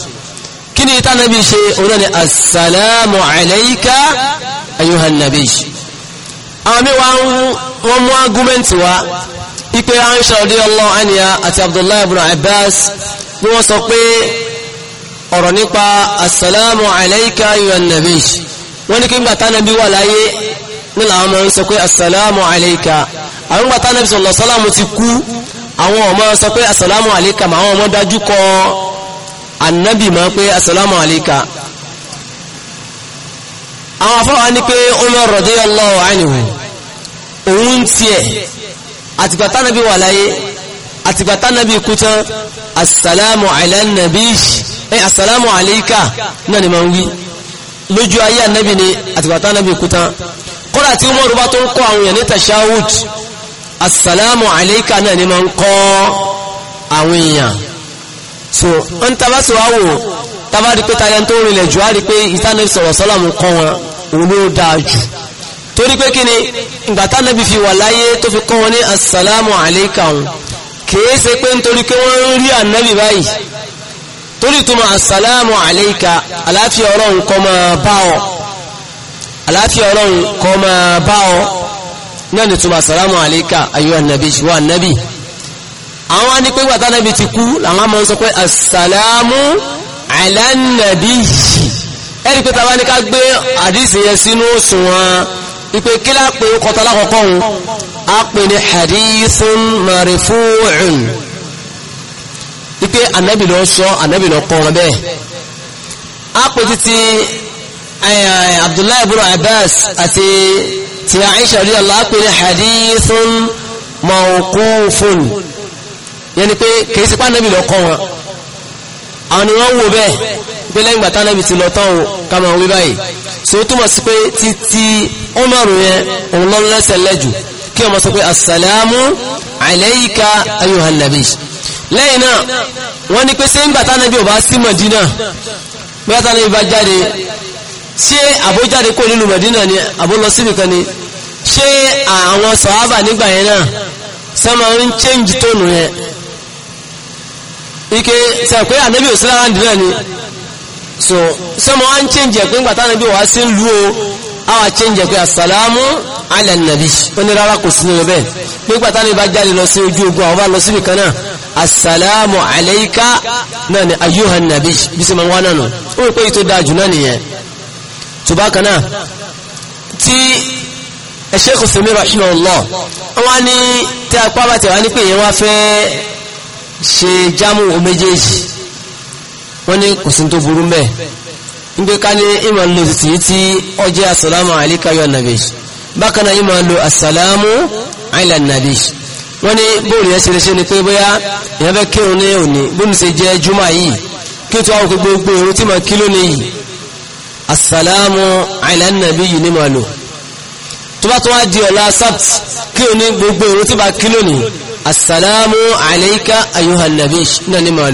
كني يتا النبي شيء ونني السلام عليك أيها النبي أمي وأمو أجومنتوا ipe Aisha radiyallahu anha àti Abdullahi ibn Abbas ni wọ́n sọ pé ọ̀rọ̀ nípa assalamu alayka ayyuhan nabi wọ́n ní kí n gbàtà nàbí wà láyé ní làwọn ọmọ sọ pé assalamu alayka àwọn gbàtà nàbí sallallahu alaihi ti kú àwọn ọmọ sọ pé assalamu alayka àwọn ọmọ dájú kọ annabi máa pé assalamu alayka àwọn afọ́wà ní pé Umar radiyallahu anhu òun tiẹ̀ àtìgbà tánàbí wà láyé àtìgbà tánàbí kú tán asàlámù àìlànàbí ẹ asàlámù àlẹ́yíká náà ni máa ń wí lójú ayé ànábì ni àtìgbà tánàbí kú tán kọ́lá tí Umaru bá tó ń kọ́ àwọn èèyàn ní tashahud asàlámù àlẹ́yíká náà ni máa ń kọ́ àwọn èèyàn so ń tabasi wá wò tabari pé tayẹ tó ń rinlẹ̀ jù á rí pé ìtànàbí sọ̀rọ̀ sọ́làmù kọ́ wọn òun ló dáa jù torí pé kíni ìgbàtà nàbí fi wà láyé tó fi kọ́ wọn ní assalamu alaikaun kìí ṣe pé nítorí pé wọ́n rí ànábì báyìí torí túnmọ̀ assalamu alaika aláfíà ọlọ́run kó máa bá ọ aláfíà ọlọ́run kó máa bá ọ náà ni túnmọ̀ assalamu alaika ayyuha nàbí wà nàbí àwọn wá ní pé ìgbàtà nàbí ti kú làwọn máa ń sọ pé assalamu ala nàbí ẹ̀rí pé tàbá ní ká gbé àdìsí yẹn sínú òṣùwọ̀n ìpè kílá pé ó kọta lákọ̀ọ́kọ́ òun a pè ní hadithun marifu'un ìpè anabi lọ sọ anabi lọ kọ́ ọ́n bẹ́ẹ̀ a pè títí abdullahi ibn ní hadithun mawqufun yẹni pé kìí sípá anabi wọn àwọn ni wọ́n wò bẹ́ẹ̀ pé lẹ́yìn gbàtà nẹ́bi ti lọ tán o ká máa wí báyìí so ó túmọ̀ sí pé títí ọmọrùn yẹn òun lọ́nà lẹ́sẹ̀ lẹ́jù kí ọmọ sọ pé asàlámù àlẹ́yíká ayọ̀hán lẹ́yìn náà wọ́n ní pé ṣé gbàtà nẹ́bi ò bá sí Mẹ̀dínà gbàtà nẹ́bi bá jáde ṣé àbójáde kò nínú Mẹ̀dínà ni àbólọ síbìkan ni ṣé àwọn sọ̀hábà nígbà yẹn náà sẹ́mọ̀ ń change tónù yẹn ike sẹ́pẹ́ ànábì ò sílára dì ni so sẹ́mọ̀ wá ń change ẹ̀pẹ́ ńgbà tánàbí wà sí lú o àwà change ẹ̀pẹ́ àsàlámù alẹ́ nàbí ó ní rárá kò sí nínú bẹ́ẹ̀ nígbà tánàbí bá jáde lọ sí ojú ogun àwọn bá lọ síbi kan náà àsàlámù alayka náà ni ayúhà nàbí bí sẹ́mọ̀ wá náà nù ó rò pé ètò dáa jù náà nìyẹn tó bá kan náà tí ẹ̀ṣẹ́ ṣe jámù méjèèjì wọ́n ní kò tó burú mẹ́ nígbé ká ní ìmọ̀ lò sí tí ọjẹ́ asàlámù àlíkà yọ nàbí bákan náà ìmọ̀ lò asàlámù àìlà nàbí wọ́n ní bóòlù yẹn ṣeré ṣe ni pé bóyá ìyẹn fẹ́ kírun ní òní ṣe jẹ́ yìí kí tó àwọn gbogbo ìrún tí mà kí lónìí yìí asàlámù àìlà nàbí yìí ní gbogbo tí asalaamu alayka ayuha nabi náà ní máa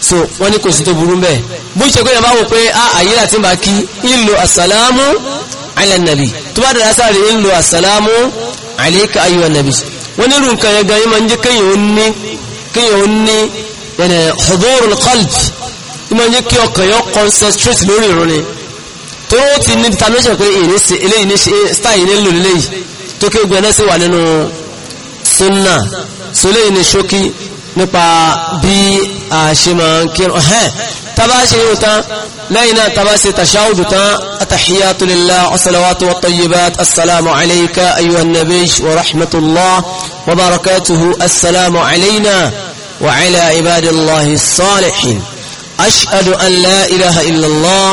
so wọ́n ní kò sí tó burú mbẹ́ bó ṣe pé yàrá wò pé a àyè àti máa kí ìlò asalaamu ala nabi tó bá dàda sáré ìlò asalaamu alayka ayuha nabi wọ́n ní nǹkan yẹn gan yín máa ń jẹ́ kéèyàn ó ní kéèyàn ó ní yẹnẹ hudurul qalb yín máa ń jẹ́ tó ó ti ní determination pé èyí ní ṣe eléyìí ní ṣe style tó kí ó gbẹ wà nínú súnà sólè ní ṣókí nípa bí a ṣe máa ń kírun ẹ̀hẹ́ tàbá ṣe yóò tán lẹ́yìn náà tàbá ṣe tàṣáwùdù tán àtàhíyàtò lillah ọ̀sọ̀lọ́wàtò wọ́tọ̀yẹ̀bát assalamu alayka ayyuhan nabiy wa rahmatullah wa barakatuhu assalamu alayna wa ala ibadillahi salihin أشهد أن لا إله إلا الله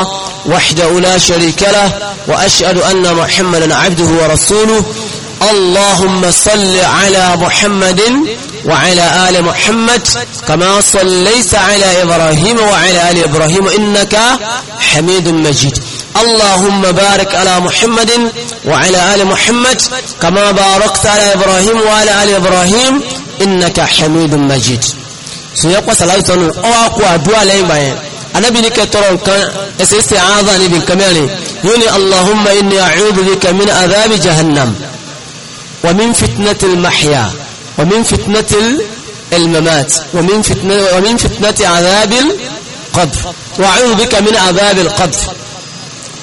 وحده لا شريك له وأشهد أن محمدا عبده ورسوله اللهم صل على محمد وعلى آل محمد كما صليت على إبراهيم وعلى آل إبراهيم إنك حميد مجيد اللهم بارك على محمد وعلى آل محمد كما باركت على إبراهيم وعلى آل إبراهيم إنك حميد مجيد سيقوى سلايتنا أواقوى دعا لإبراهيم anabi ni kẹtọrọ nǹkan ẹsẹ̀ ìsẹ̀ àádọ́ níbi nǹkan mẹ́rin yóò ní allahumma inni a'udhu bika min adhabi jahannam ومن فتنة المحيا ومن فتنة الممات ومن فتنة, ومن فتنة عذاب القبر وأعوذ بك من عذاب القبر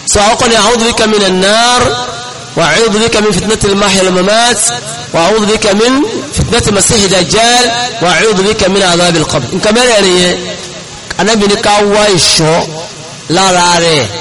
سأقول أعوذ بك من النار وأعوذ بك من فتنة المحيا والممات وأعوذ بك من فتنة المسيح الدجال وأعوذ بك من عذاب القبر إن يعني أنا بنكاوى الشو لا لا عليه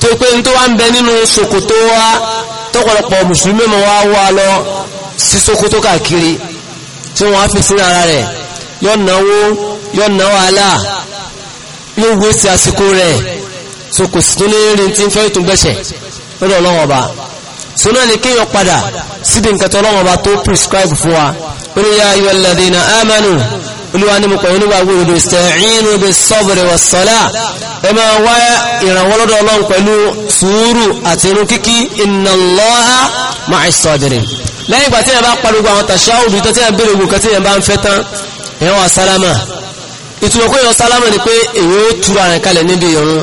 tó pé n tó wá ń bẹ nínú ṣòkòtò wa tọ́pọ̀lọpọ̀ mùsùlùmí mọ̀ wá wá lọ sí ṣòkòtò káàkiri tí wọ́n fi sínú ara rẹ̀ yọ náwó yọ náwó alá yóò wé sí àsìkò rẹ̀ so kò sí tó ní rí tí ń fẹ́ ìtúngbẹ̀ṣẹ̀ lọ́dọ̀ ọlọ́wọ́n ọba so náà ni kéèyàn padà síbi nǹkan tó ọlọ́wọ́n ọba tó prescribe fún wa ó ní yá ayyuhal ladhina amanu olúwa ní mo pẹ̀lú nígbà gbogbo ista'inu bis-sabri was-salah ẹ máa wá ìrànwọ́ lọ́dọ̀ ọlọ́run pẹ̀lú sùúrù àti irun kíkí inna Allaha ma'as-sabirin lẹ́yìn ìgbà tí ẹ bá parí gbogbo àwọn tashahhud tó tí ẹ bèrè gbogbo kan tí ẹ bá ń fẹ́ tán ẹ wà sálámà ìtumọ̀ pé yọ sálámà ni pé èyí ó tura rẹ̀ kalẹ̀ níbi ìrun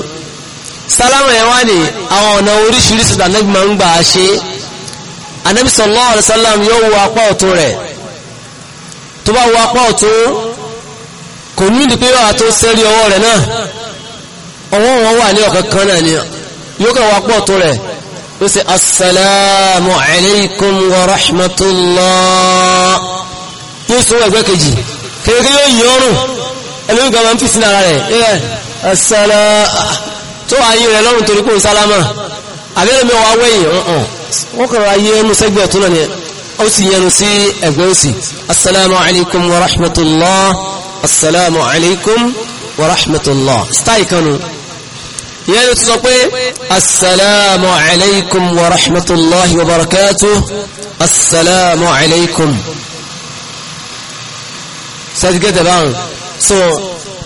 sálámà yẹn wá ní àwọn ọ̀nà oríṣiríṣi tànàbí máa ń gbà á ṣe Ànábì sallallahu alaihi yóò wo apá ọ̀tún rẹ̀ tó bá wo apá ọ̀tún kò ní ìdí pé yóò àtún sẹ́rí ọwọ́ rẹ̀ náà ọwọ́ wọn wà ní ọ̀kan kan náà ni yóò kàn wá pọ̀ tó rẹ̀ ó sì assalamu alaikum wa rahmatullah yóò sún ẹgbẹ́ kejì kéèké yóò yí ọrùn ẹlẹ́yìn kan máa ń fi wà wẹ̀yìn assalamu alaikum wa rahmatullah asalaamu alaykum wa rahmatulah style kanu ìyẹn ló ti sọ pé asalaamu alaykum wa rahmatulah wa barakatuh asalaamu alaykum sẹ́dígẹ́tẹ̀ báwọn so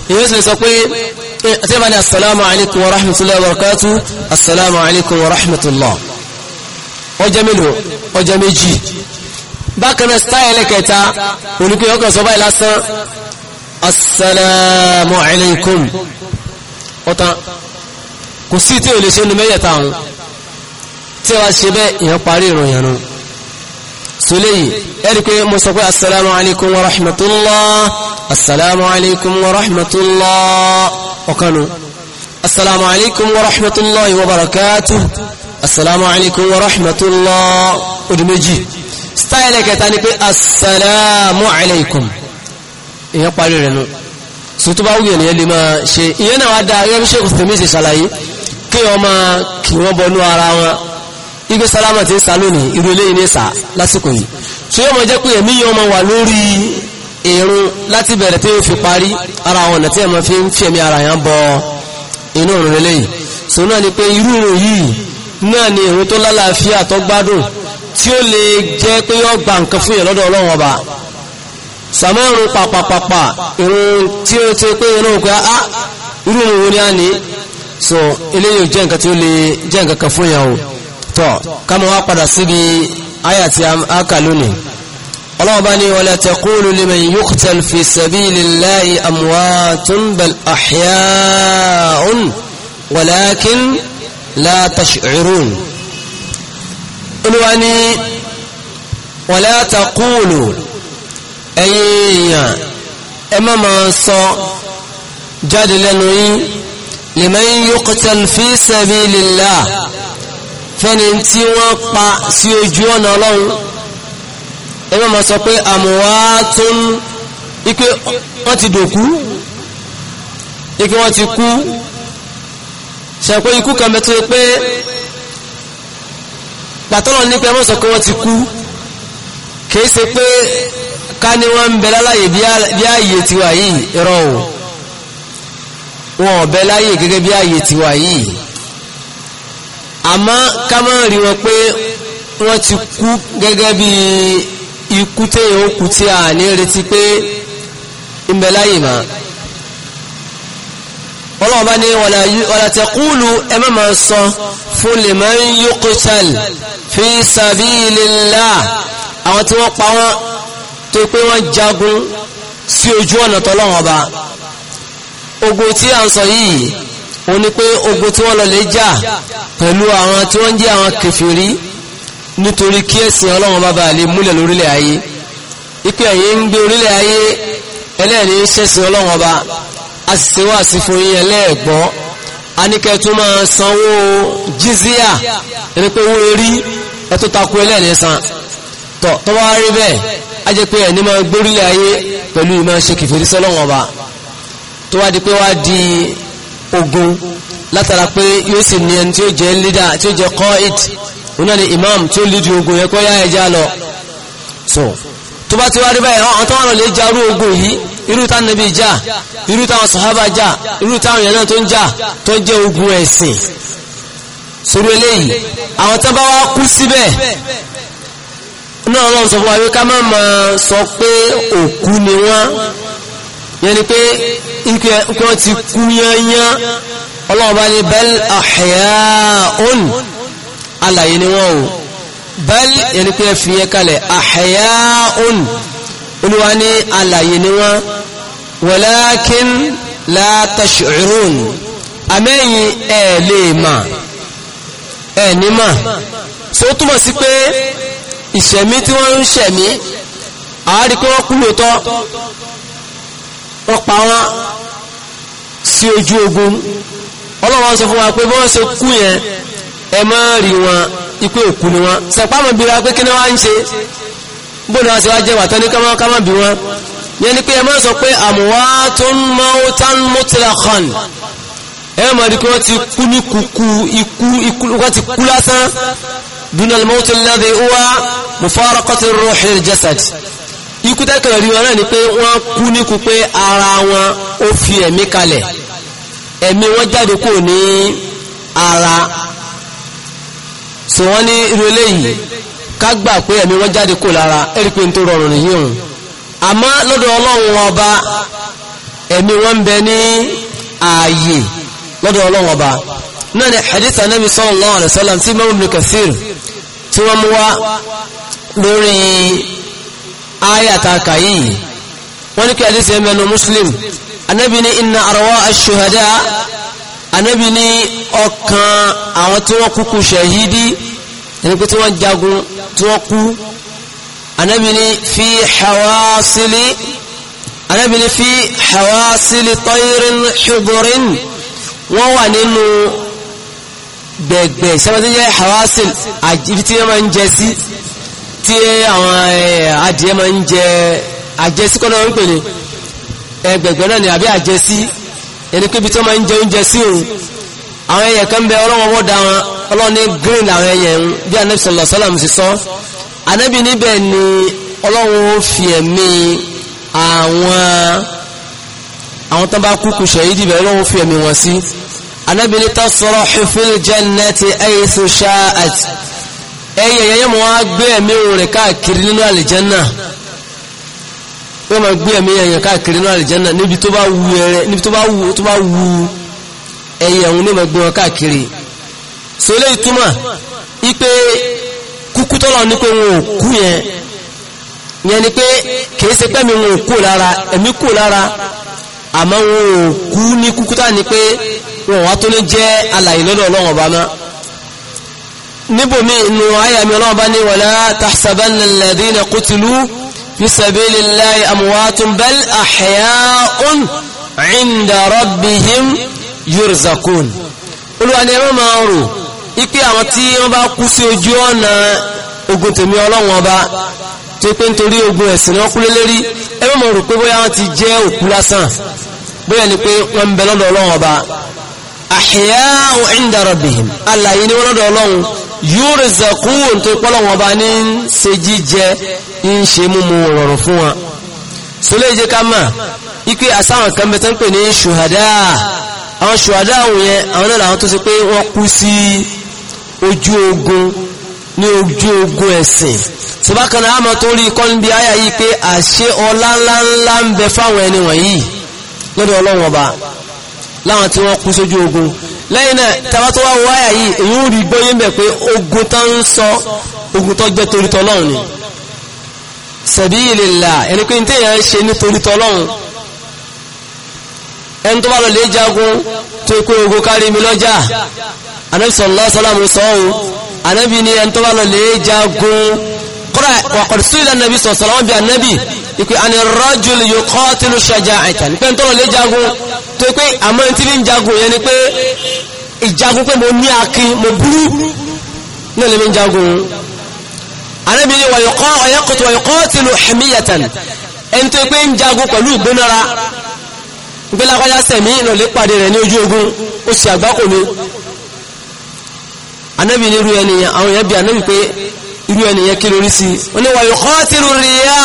ìyẹn sì sọ pé eh, tí a bá ní asalaamu alaykum wa rahmatulah wa barakatuh asalaamu alaykum wa rahmatulah ọjọ́ mélòó ọjọ́ méjì bákan náà style kẹta sọ báyìí lásán assalamu alaikum ọ̀tá kò sí tí ò lè ṣe numẹ́yẹ̀ta àwọn tí wàá ṣe bẹ́ẹ̀ ìyẹn parí ìròyìn nù sọlẹ́yìn ẹ̀rí pé mo sọ pé assalamu alaikum wa rahmatullah assalamu alaikum wa rahmatullah ọ̀kanu assalamu alaikum wa rahmatullah wa barakatuh assalamu alaikum wa rahmatullah odùméjì stáyẹ̀lẹ̀ ni pé assalamu alaikum èèyàn parí rẹ̀ nù so tó bá wù yẹn lè máa ṣe ìyẹn náà wá da ẹgbẹ́ bí ṣe kò tèmi ṣe ṣàlàyé kí wọ́n máa kì wọ́n bọnú ara wọn igbe sálámà ti ń sa lónìí irú eléyìí ní sà lásìkò yìí so yóò máa jẹ́ pé ẹ̀mí yóò máa wà lórí irun láti bẹ̀rẹ̀ tí yóò fi parí ara wọn náà ẹ̀mọ́ fi ń fi ẹ̀mí ara yẹn bọ inú òrùn eléyìí so náà ni pé irú irun yìí náà ni irun tó lálàáfíà tó gbádùn tí ó lè jẹ́ pé yóò gba nǹkan fún yẹn lọ́dọ̀ ọlọ́run ọba sàmọ́rún pàpàpàpà irun tí ó ti pé irun pé á ah, irú òun ní a so eléyìí jẹ́ nǹkan tí ó lè jẹ́ nǹkan kan fún yàn o tọ́ kámọ́ wá padà síbi àyà tí a kà lónìí ọlọ́wọ́ bá ní wala taqulu liman yuqtal fi sabilillahi amwatun bal ahya'un walakin la tash'urun olúwa ní wala taqulu ẹ̀yin èèyàn ẹ má máa sọ jáde lẹ́nu yín liman yuqtal fi sabilillah fẹ́ni tí wọ́n pa sí ojú ọ̀nà ọlọ́run ẹ má máa sọ pé amwatun ipe wọ́n ti dòkú ipe wọ́n ti kú ṣàpé ikú kan bẹ tó yẹ pé pàtọ́lọ̀ nípa ẹ má sọ pé wọ́n ti kú kìí ṣe pé ká ní wọ́n ń bẹ láláyè bí ààyè tiwa yìí irọ́ o wọn ò bẹ láyè gẹ́gẹ́ bí ààyè tiwa yìí àmọ́ ká má rí wọn pé wọ́n ti kú gẹ́gẹ́ bí ikú téèyàn ó kú tí a ní retí pé ń bẹ láyè mà ọlọ́run bá ní wala taqulu ẹ má máa sọ fún liman yuqtal fi sabilillah àwọn tí wọ́n pa wọ́n tó pé wọ́n jagun sí ojú ọ̀nà tọ́lọ́wọ́n ọba ogun tí a ń sọ yìí ó ní pé ogun tí wọ́n lọ lè jà pẹ̀lú àwọn tí wọ́n jẹ́ àwọn kèfèrí nítorí kí ẹ̀sìn ọlọ́wọ́n bá bàa lè múlẹ̀ lórílẹ̀ ayé ipe ẹ̀yin ń gbé orílẹ̀ ayé ẹlẹ́ẹ̀ni ṣẹ̀sìn ọlọ́wọ́n ọba a sì ṣe wá sí fún yín ẹlẹ́ẹ̀gbọ́ a ní kẹ́ tó máa sanwó jizíà ẹni pé owó orí ẹ tó takú ẹlẹ́ẹ̀ni san tọ́ tọ́ bá rí bẹ́ẹ̀ a jẹ́ pé ẹni máa gbórílẹ̀ ayé pẹ̀lú ìmọ̀ ṣe kìfèrí sọ́lọ́wọ́n ọba tó wá di pé wá di ogun látara pé yóò sì ní ẹni tí ó jẹ́ lídà tí ó jẹ́ kọ́ìt oná ni imam tí ó lídi ogun yẹn kọ́ yá ẹja lọ so tó bá ti wá rí báyìí àwọn tó wà lọ lè ja irú ogun yìí irú táwọn nàbí jà irú táwọn sàhábà jà irú táwọn yẹn náà tó ń jà tó jẹ́ ogun ẹ̀sìn sórí eléyìí àwọn tó bá wá kú síbẹ̀ náà ọlọ́run sọ fún wa pé ká má máa sọ pé òkú ni wọ́n yẹn ni pé ike wọ́n ti kú yányán ọlọ́run bá ní bal ahya'un alàyè ni wọ́n o bal yẹn ni pé ẹ yẹn kalẹ̀ ahya'un olúwa ní alàyè ni wọ́n walakin la tash'urun ẹ̀ lè mà ẹ̀ ní mà so túmọ̀ sí pé ìṣẹ̀mí tí wọ́n ń ṣẹ̀mí àárí pé wọ́n kú lóòótọ́ wọ́n pa wọ́n sí ojú ogun ọlọ́wọ́n sọ fún wa pé bí wọ́n ṣe kú yẹn ẹ má rí wọn ipé òkú ni wọn sẹ̀pámọ̀ bí wa pé kí ni wọ́n ń ṣe bóde wọn sì wá jẹ́ wà tán ní kámọ́ bí wọn yẹn ni pé ẹ má sọ pé amwatun mautan mutlaqan ẹ má rí pé wọ́n ti kú ní kúkú ikú ikú wọ́n ti kú lásán دون الموت الذي هو مفارقة الروح للجسد ikú tẹ́kẹ̀ rí wọn náà ni pé wọ́n kú níkú pé ara wọn ó fi ẹ̀mí kalẹ̀ ẹ̀mí wọn jáde kò ní ara so wọ́n ní irú eléyìí ká gbà pé ẹ̀mí wọn jáde kò lára ẹ̀rí pé n tó rọrùn nìyí òun àmọ́ lọ́dọ̀ ọlọ́run ọba ẹ̀mí wọn bẹ ní ààyè lọ́dọ̀ ọlọ́run ọba náà ni hadith anabi sallallahu alaihi wasallam tí mẹ́rin ibn Kathir tí wọ́n mú wá lórí ayata kàyí wọ́n ní kí àdísì ẹmẹ́nu muslim anábi ní iná àrọwọ́ aṣòhádá anábi ní ọkàn àwọn tí wọ́n kúkú ṣẹ̀hídí ẹni pé tí wọ́n jagun tí wọ́n kú anábi ní fi hawasili anábi ní fi hawasili tọ́yìrín ṣùgbọ́rín wọ́n wà nínú gbẹ̀gbẹ̀ sẹ́wọ́n jẹ́ hawasil ibi tí wọ́n máa ń jẹ sí tí àwọn adìẹ máa ń jẹ àjẹsí kọ́nà ń pè ní ẹgbẹ̀gbẹ̀ náà ni àbí àjẹsí ẹni pé ibi tí wọ́n máa ń jẹ oúnjẹ sí òun àwọn ẹyẹ kan bẹ ọlọ́wọ́ wọ́dà wọn ọlọ́wọ́ ní green làwọn ẹyẹ ń bí anabi sọlọ sọlọm sì sọ anabi níbẹ̀ ni ọlọ́wọ́ fi ẹ̀mí àwọn àwọn tó bá kú kù ṣẹ̀yí dìbẹ̀ ọlọ́wọ́ fi ẹ̀mí wọn sí anábìíní tasrahu fil jannati aythu sha'at ẹ̀yẹ̀ yẹ̀yẹ́ mọ́ wá gbé ẹ̀mí rẹ̀ káàkiri nínú àlìjẹ́nà yóò máa gbé ẹ̀mí ẹ̀yẹ̀ káàkiri nínú àlìjẹ́nà níbi tó bá wu ẹ̀rẹ́ níbi tó bá wu ẹ̀yẹ̀ ọ̀hún ní ọmọgbé wọn káàkiri so lè túmọ̀ ipe kúkú tọ́lọ̀ ní pé wọn ò kú yẹn yẹn ni pé kìí ṣe pẹ́mi wọn ò kú lára ẹ̀mí kú lára àmọ́ wọn ò kú ní kúkú tá ni pé wọn wá tó lè jẹ́ alàyè lọ́dọ̀ ọlọ́wọ̀n ọba mọ́ níbòmí inú àyà mi ọlọ́wọ̀n bá ní wala tahsabanna alladhina qutilu fi sabilillahi amwatun bal ahya'un 'inda rabbihim yurzaqun olúwa ni ẹ̀rọ máa rò ipe àwọn tí wọ́n bá kú sí ojú ọ̀nà ogun tèmi ọlọ́wọ̀n ọba tí pé nítorí ogun ẹ̀sìn ni wọ́n kú lé ẹ̀rọ máa rò pé bóyá wọ́n ti jẹ́ òkú lásán bóyá ni pé wọ́n ń bẹ lọ́dọ̀ ọlọ́wọ̀n ọba àṣíyáwó inda rabbihim alàyé ní wọ́n ọlọ́run yóò rẹ̀ zẹ̀kú wọn tó pọ́lọ̀wọ̀n bá ní ṣe jíjẹ ń ṣe múmu rọrùn fún wọn so lè jẹ́ ká máa ipé àsáwọn kan bẹ̀tẹ́ ń pè ní ṣùhàdá àwọn ṣùhàdá àwọn yẹn àwọn náà làwọn tó ṣe pé wọ́n kú sí ojú ogun ní ojú ogun ẹ̀sìn tí náà àmọ́ tó rí ikọ́ níbi yìí pé àṣẹ ọlá ńláńlá ń bẹ fáwọn ẹni wọ̀nyí lọ́dọ̀ ọlọ́run ọba láwọn tí wọ́n kú sójú ogun lẹ́yìn náà tàbá tó wá wáyà yìí èyí ń rí gbóyé mẹ́ pé ogun tó ń sọ ogun tó jẹ́ torí tọ́lọ́run ni sabilillah ẹni pé tí èèyàn ń ṣe ní torí tọ́lọ́run ẹni tó bá lọ lè jagun tó kó ogun kárí mi lọ́jà anábì sallallahu alaihi wasallam sọ́hún anábì ni ẹni tó bá lọ lè jagun kọ́ra wàkọ̀rọ̀ sí ilẹ̀ nàbí sọ̀rọ̀ sọ̀rọ̀ wọn bí anábì ìpè àni rọ́jùlù yóò kọ́ tìlú ṣẹjà àìtà ní pé ń tọrọ lé jagun tó pé àmọ́ tí fi ń jagun yẹn ni pé ìjagun pé mo ní akin mo burú náà lè mi ń jagun anábì ni wàyọ̀kọ́ ọ̀yẹ́kọ̀tù wàyọ̀kọ́ tìlú hamiyatan ẹni tó pé ń jagun pẹ̀lú ìgbónára gbẹ́lágbájá sẹ̀mí ìrọ̀lẹ́ pàdé rẹ̀ ní ojú ogun ó sì àgbákò ni anábì ní irú ẹni àwọn èèyàn bí anábì pé irú ẹnìyẹn kí lórí sí ó ní wàyí kọ́tìrù rìíyà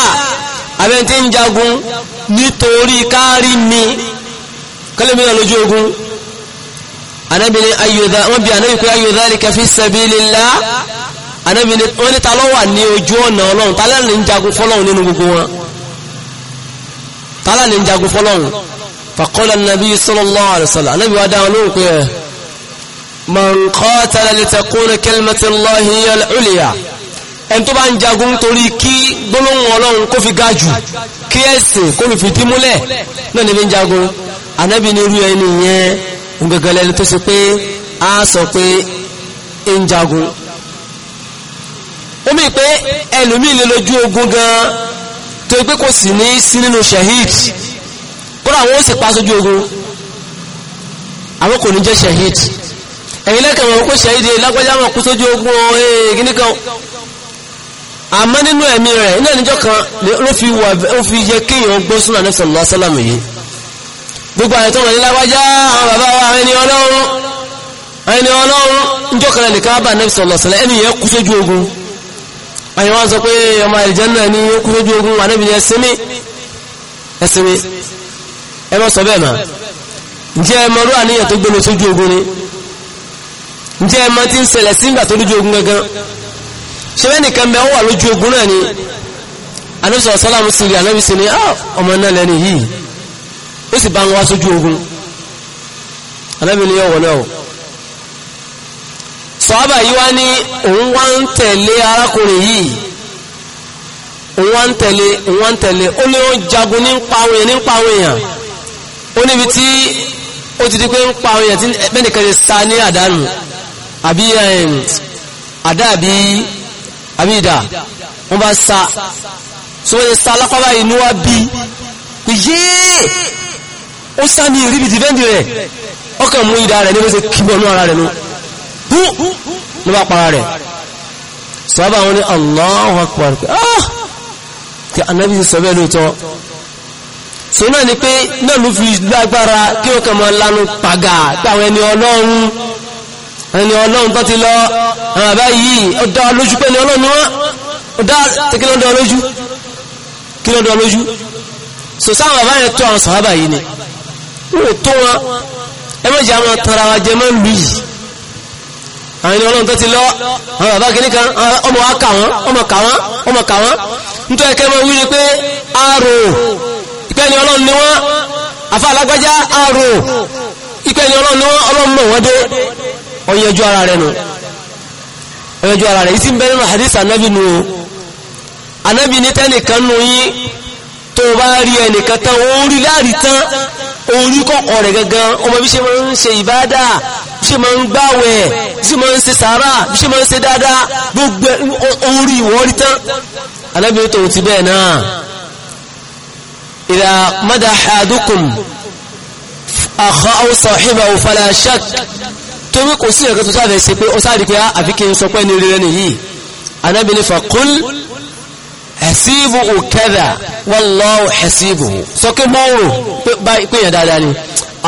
abẹ́ni tí ń jagun nítorí kárí mi kọ́lẹ̀ mìíràn lójú ogun anábìnrin ayọ̀dá wọ́n bí anábìnrin pé ayọ̀dá lè kẹfí sabilillah anábìnrin wọ́n ní ta ló wà ní ojú ọ̀nà ọlọ́run ta lẹ́nu ń jagun fọlọ́run nínú gbogbo wọn ta lẹ́nu ń jagun fọlọ́run faqala nàbí sallallahu alaihi anábìnrin wa dáhùn lóhùn pé man qatala li takuna ẹni tó bá ń jagun torí kí gbólóhùn ọlọ́run kó fi ga jù kí ẹ̀sìn kó lè fi dí náà níbi ń jagun anábì ní irú ẹni yẹn gbẹ̀gẹ̀lẹ̀ ẹni tó ṣe pé a sọ pé ń jagun ó mì pé ẹlòmíì lè lójú ogun gan tó pé kò sì ní sí nínú shahid kódà wọn ó sì pa sójú ogun àwọn kò ní jẹ́ shahid ẹ̀yin lẹ́kẹ̀ẹ́ wọn kó shahid lágbájá wọn kú sójú ogun ẹ̀ gíníkan àmọ́ nínú ẹ̀mí rẹ̀ ní ẹ̀nìjọ́ kan ló fi wà ó fi yẹ kéèyàn gbọ́ súnà ní sọ̀lọ́ sọ́làmù yìí gbogbo àyẹ̀tọ́ wọn ní àwọn bàbá wa ẹni ọlọ́run ẹni ọlọ́run níjọ́ kan nìkan bá nẹ́bí sọ̀lọ́ sọ̀lọ́ ẹni yẹn kú sójú ogun àyẹ̀wò sọ pé ọmọ àlìjánnà ẹni yẹn kú sójú ogun wà níbi ẹ sọ bẹ́ẹ̀ ẹ àníyàn tó gbé lọ sójú ogun ni ǹjẹ́ ẹ ti ń ṣẹlẹ̀ sí ìgbà tó lójú ogun gangan ṣẹlẹ́ nìkan bẹ ó wà lójú ogun náà ni anábìsọ̀ sálàmù sí rí anábì sí ni ọmọ náà lẹ́ni yìí ó sì bá ń wá sójú ogun anábì ni ọwọ́ náà sọ́ọ́bà yìí wá ní òun wá ń tẹ̀lé arákùnrin yìí òun wá ń tẹ̀lé òun wá ń tẹ̀lé ó ní ó jagun ní pàwọn èèyàn ní pàwọn èèyàn ó níbi tí ó ti di pé ń pàwọn èèyàn tí bẹ́ẹ̀ nìkan lè sa ní àdánù àbí àdá àbí Abida, ìdá wọ́n bá sa so wọ́n yẹ sa alápábá inú wa bí pé yéé ó sá ní ìríbi dìfẹ́ǹdì rẹ̀ ọkàn mú ìdá rẹ̀ níbi ṣe kíbọ̀ ní ara rẹ̀ nu hú ló bá para rẹ̀ sọ́ọ́bà wọn ni Allahu Akbar ah kí anábì sọ bẹ́ẹ̀ lóòótọ́ so náà ni pé náà ló fi lágbára kí ó kàn máa paga pàgà táwọn ẹni ọlọ́run ẹni ọlọ́run tó ti lọ àwọn àbá yìí ó dá lójú pé ní ọlọ́run ni wọ́n ó dá kí ló dá lójú kí ló dá lójú so sáwọn àbá yẹn tó àwọn sàhábà yìí ni wọ́n tó wọn ẹ méjì àwọn tara wa jẹ mọ́ lù yìí àwọn ẹni ọlọ́run tó ti lọ àwọn àbá kìíní kan ọmọ wa kà wọ́n ọmọ kà wọ́n ọmọ kà wọ́n nítorí ẹ̀kẹ́ mọ́ wí ni pé arò ìpẹ́ ni ọlọ́run ni wọ́n àfa alágbájá arò ìpẹ́ ni ọlọ́run ni wọ́n ọlọ́run mọ̀ wọ́n dé ọyẹjú ara rẹ̀ nù ọyẹjú ara rẹ̀ isi ń bẹ nínú hadith anabi nù o anabi ní tẹ́nìkan nù yín tó bá rí ẹnìkan tán òun rí láàrí tán òun rí kọ̀kọ̀ rẹ̀ gangan ọmọ bí ṣe máa ń ṣe ìbádà bí ṣe máa ń gbàwẹ̀ bí ṣe máa ń ṣe sàárà bí ṣe máa ń ṣe dáadáa gbogbo òun rí ìwọ́ rí tán anabi ní tòun ti bẹ́ẹ̀ náà ìlà mọ́dà àdúkùn àkọ́ àwọn sọ̀hìbà òfàlà ṣáàkì torí kò sí ẹ̀kọ́ tó sáfẹ́ ṣe pé ó sáré pé ah, àfi kí n sọ pé ní rírẹ́ nìyí anábì ní fàkúl ẹ̀sìbù òkẹ́dà wallahu ẹ̀sìbù sọ pé mọ́rùn pé yẹn dáadáa ni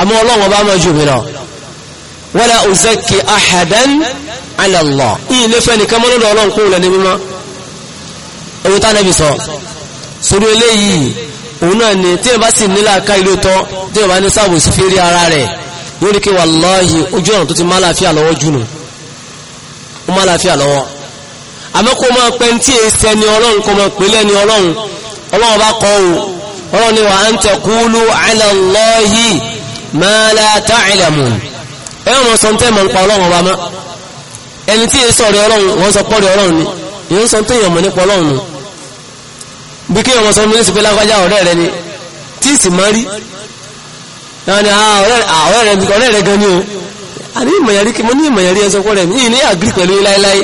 àmọ́ ọlọ́wọ́ bá mọ́ jù mí lọ wala uzakki ahadan ala Allah yìí lè fẹ́ nìkan mọ́ lọ́dọ̀ ọlọ́run kó wùlẹ̀ ní mímọ́ ewu tá anábì sọ sórí eléyìí òun náà ni tí ẹ bá sì nílà ká ìlú tọ́ tí ẹ bá ní sáàbò sí fèrè ara rẹ̀ yóò rí kí wàláhì ojú ọ̀nà tó ti má láàfíà lọ́wọ́ jù nù ó má láàfíà lọ́wọ́ àmọ́ kó máa pẹ́ ní tí èyí sẹ́ni ọlọ́run kó máa pè lẹ́ni ọlọ́run ọlọ́run bá kọ́ ò ọlọ́run ni wa an taqulu ala Allahi ma la ta'lamun ẹ wọ́n sọ tẹ́ mọ̀ nípa ọlọ́run ọba mọ́ ẹni tí èyí sọ̀rọ̀ ọlọ́run wọ́n sọ pọ́ọ̀rọ̀ ọlọ́run ọlọ́run ni náà ni ah, ọ̀rẹ́ ah, rẹ̀ gan ni o a ní ìmọ̀yàrí kí mo ní ìmọ̀yàrí ẹsọ pọ̀ rẹ̀ mi yìí ní àgírí pẹ̀lú láíláí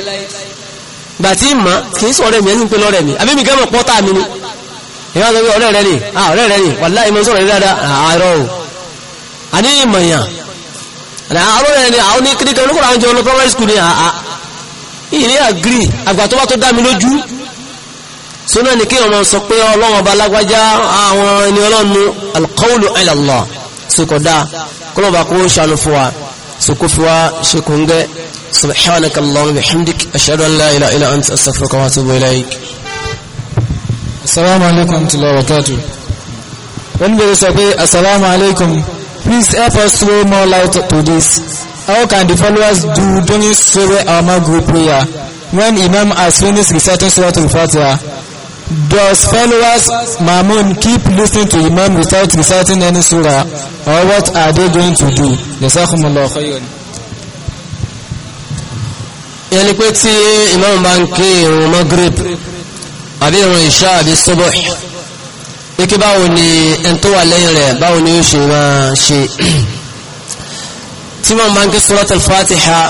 gbà tí ìmọ̀ kì í sọ ọ̀rẹ́ mi ẹni pé lọ́rẹ̀ mi àbí mi gẹ́mọ̀ pọ́tà mi ni ìwà sọ pé ọ̀rẹ́ rẹ̀ ni ah, ọ̀rẹ́ rẹ̀ ni wàláhì mo sọ̀rọ̀ dáadáa da o a ní ìmọ̀yàn àwọn ẹni àwọn ní kíríkà olókùnrin àwọn jẹ́ ọlọ́ primary school ni àá yìí ní àgírí àgbà tó bá tó dá mi lójú sónà ni kí ọmọ sọ pé ọlọ́wọ́n bá lágbájá àwọn ẹni ọlọ́nu alqawlu ala Allah sokɔda kɔlɔba kó ṣàánú fún wa soko fún wa ṣe kò ń gẹ́ subhanaka allahumma bihamdik ashhadu an la ilaha illa anta astaghfiruka wa atubu ilaik. asalaamu alaykum wa rahmatulahi wa barakatuh. when we say asalaamu alaykum please help us throw more light to this how can the followers do during surah al-maghrib prayer when imam has finished reciting surah al-fatiha. Does followers Mamun keep listening to Imam without reciting any surah or what are they going to do? Jazakumullah khayran. Yẹni pé tí Imam bá ń kí ìrun Maghrib àbí ìrun Isha àbí Subuh. Ike báwo ni ẹni wà lẹ́yìn rẹ̀ báwo ni ó ṣe máa ṣe? Tí Imam bá ń kí Surat al-Fatiha,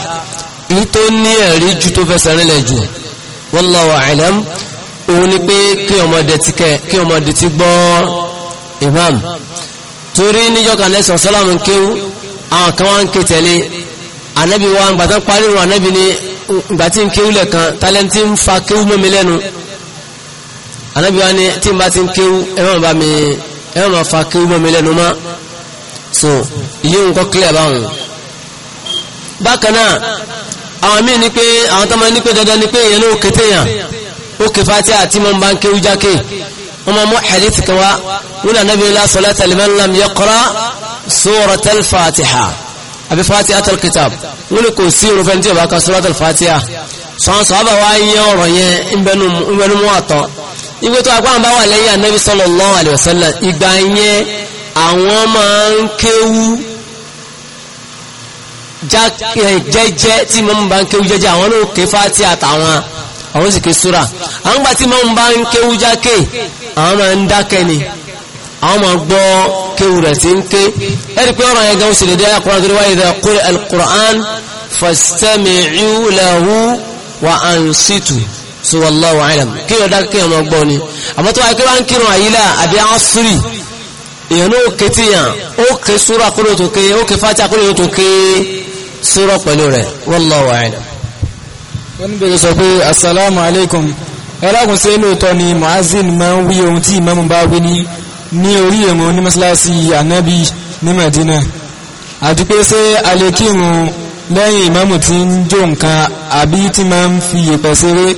èyí tó ní ẹ̀rí ju tó fẹsẹ̀ rinlẹ̀ jù. Wallahu a'lam òun ni pé kí ọmọdé ti kẹ kí ọmọdé ti gbọ́ imam torí níjọ́ kan lẹ́sọ̀ sọ́lámù kéwú àwọn kan wá ń ké tẹ̀lé ànábì wa ń gbàtán parí ìrùn ànábì ni ìgbà tí ń kéwú lẹ̀kan tálẹ́ntì ń fa kéwú mọ́ mi lẹ́nu ànábì wa ni tí n bá ti ń kéwú ẹ̀rọ bá mi ẹ̀rọ máa fa kéwú mọ́ lẹ́nu mọ́ so iye nǹkan clear báwọn. bákan náà àwọn míì ní pé àwọn tó máa ní pé dandan ní pé ìyẹn ló kété yàn ó ké fati àti mọ́ bá ń ké wújáké wọ́n máa mú hadith kan wá wọ́n náà nabi la salata liman lam yaqra suratal fatiha àbí fatiha tal kitab wọ́n ní kò sí irun fẹ́ni tí ó bá ka suratal fatiha sọ́n sọ́ọ́bà wá yẹ ọ̀rọ̀ yẹn ìbẹnu mú àtọ́ ìgbé tó agbáhùn bá wà lẹ́yìn anabi sallallahu alaihi wasallam ìgbà àwọn sì ké súra àwọn gbà tí máa ń bá ń kéwú jákè àwọn máa ń dákẹ́ ni àwọn máa gbọ́ kéwú rẹ̀ tí ń ké ẹ̀rí pé ọ̀rọ̀ yẹn gan sì lè dé akọ̀rọ̀ tó wáyé idha quri al-Qur'an fastami'u lahu wa ansitu so wallahu a'lam kí ọ̀dá kí ọmọ gbọ́ ni àmọ́ wáyé pé wá ń kírun àyílà àbí asri èèyàn ló ké tíyàn ó ké súra kúrò tó ké ó ké fátà kúrò tó ké súra pẹ̀lú rẹ̀ wallahu a'lam oníbèrè sọ pé assalamu alaikum ẹlákùn sí lóòótọ́ ni muazzin máa ń wí ohun tí ìmáàmù bá wí ní ní orí ìrun ní mọ́sálásí ànábì ní Madina àti pé ṣé a lè kírun lẹ́yìn ìmáàmù tí ń jó nǹkan àbí tí máa ń fi yèpẹ̀ ṣeré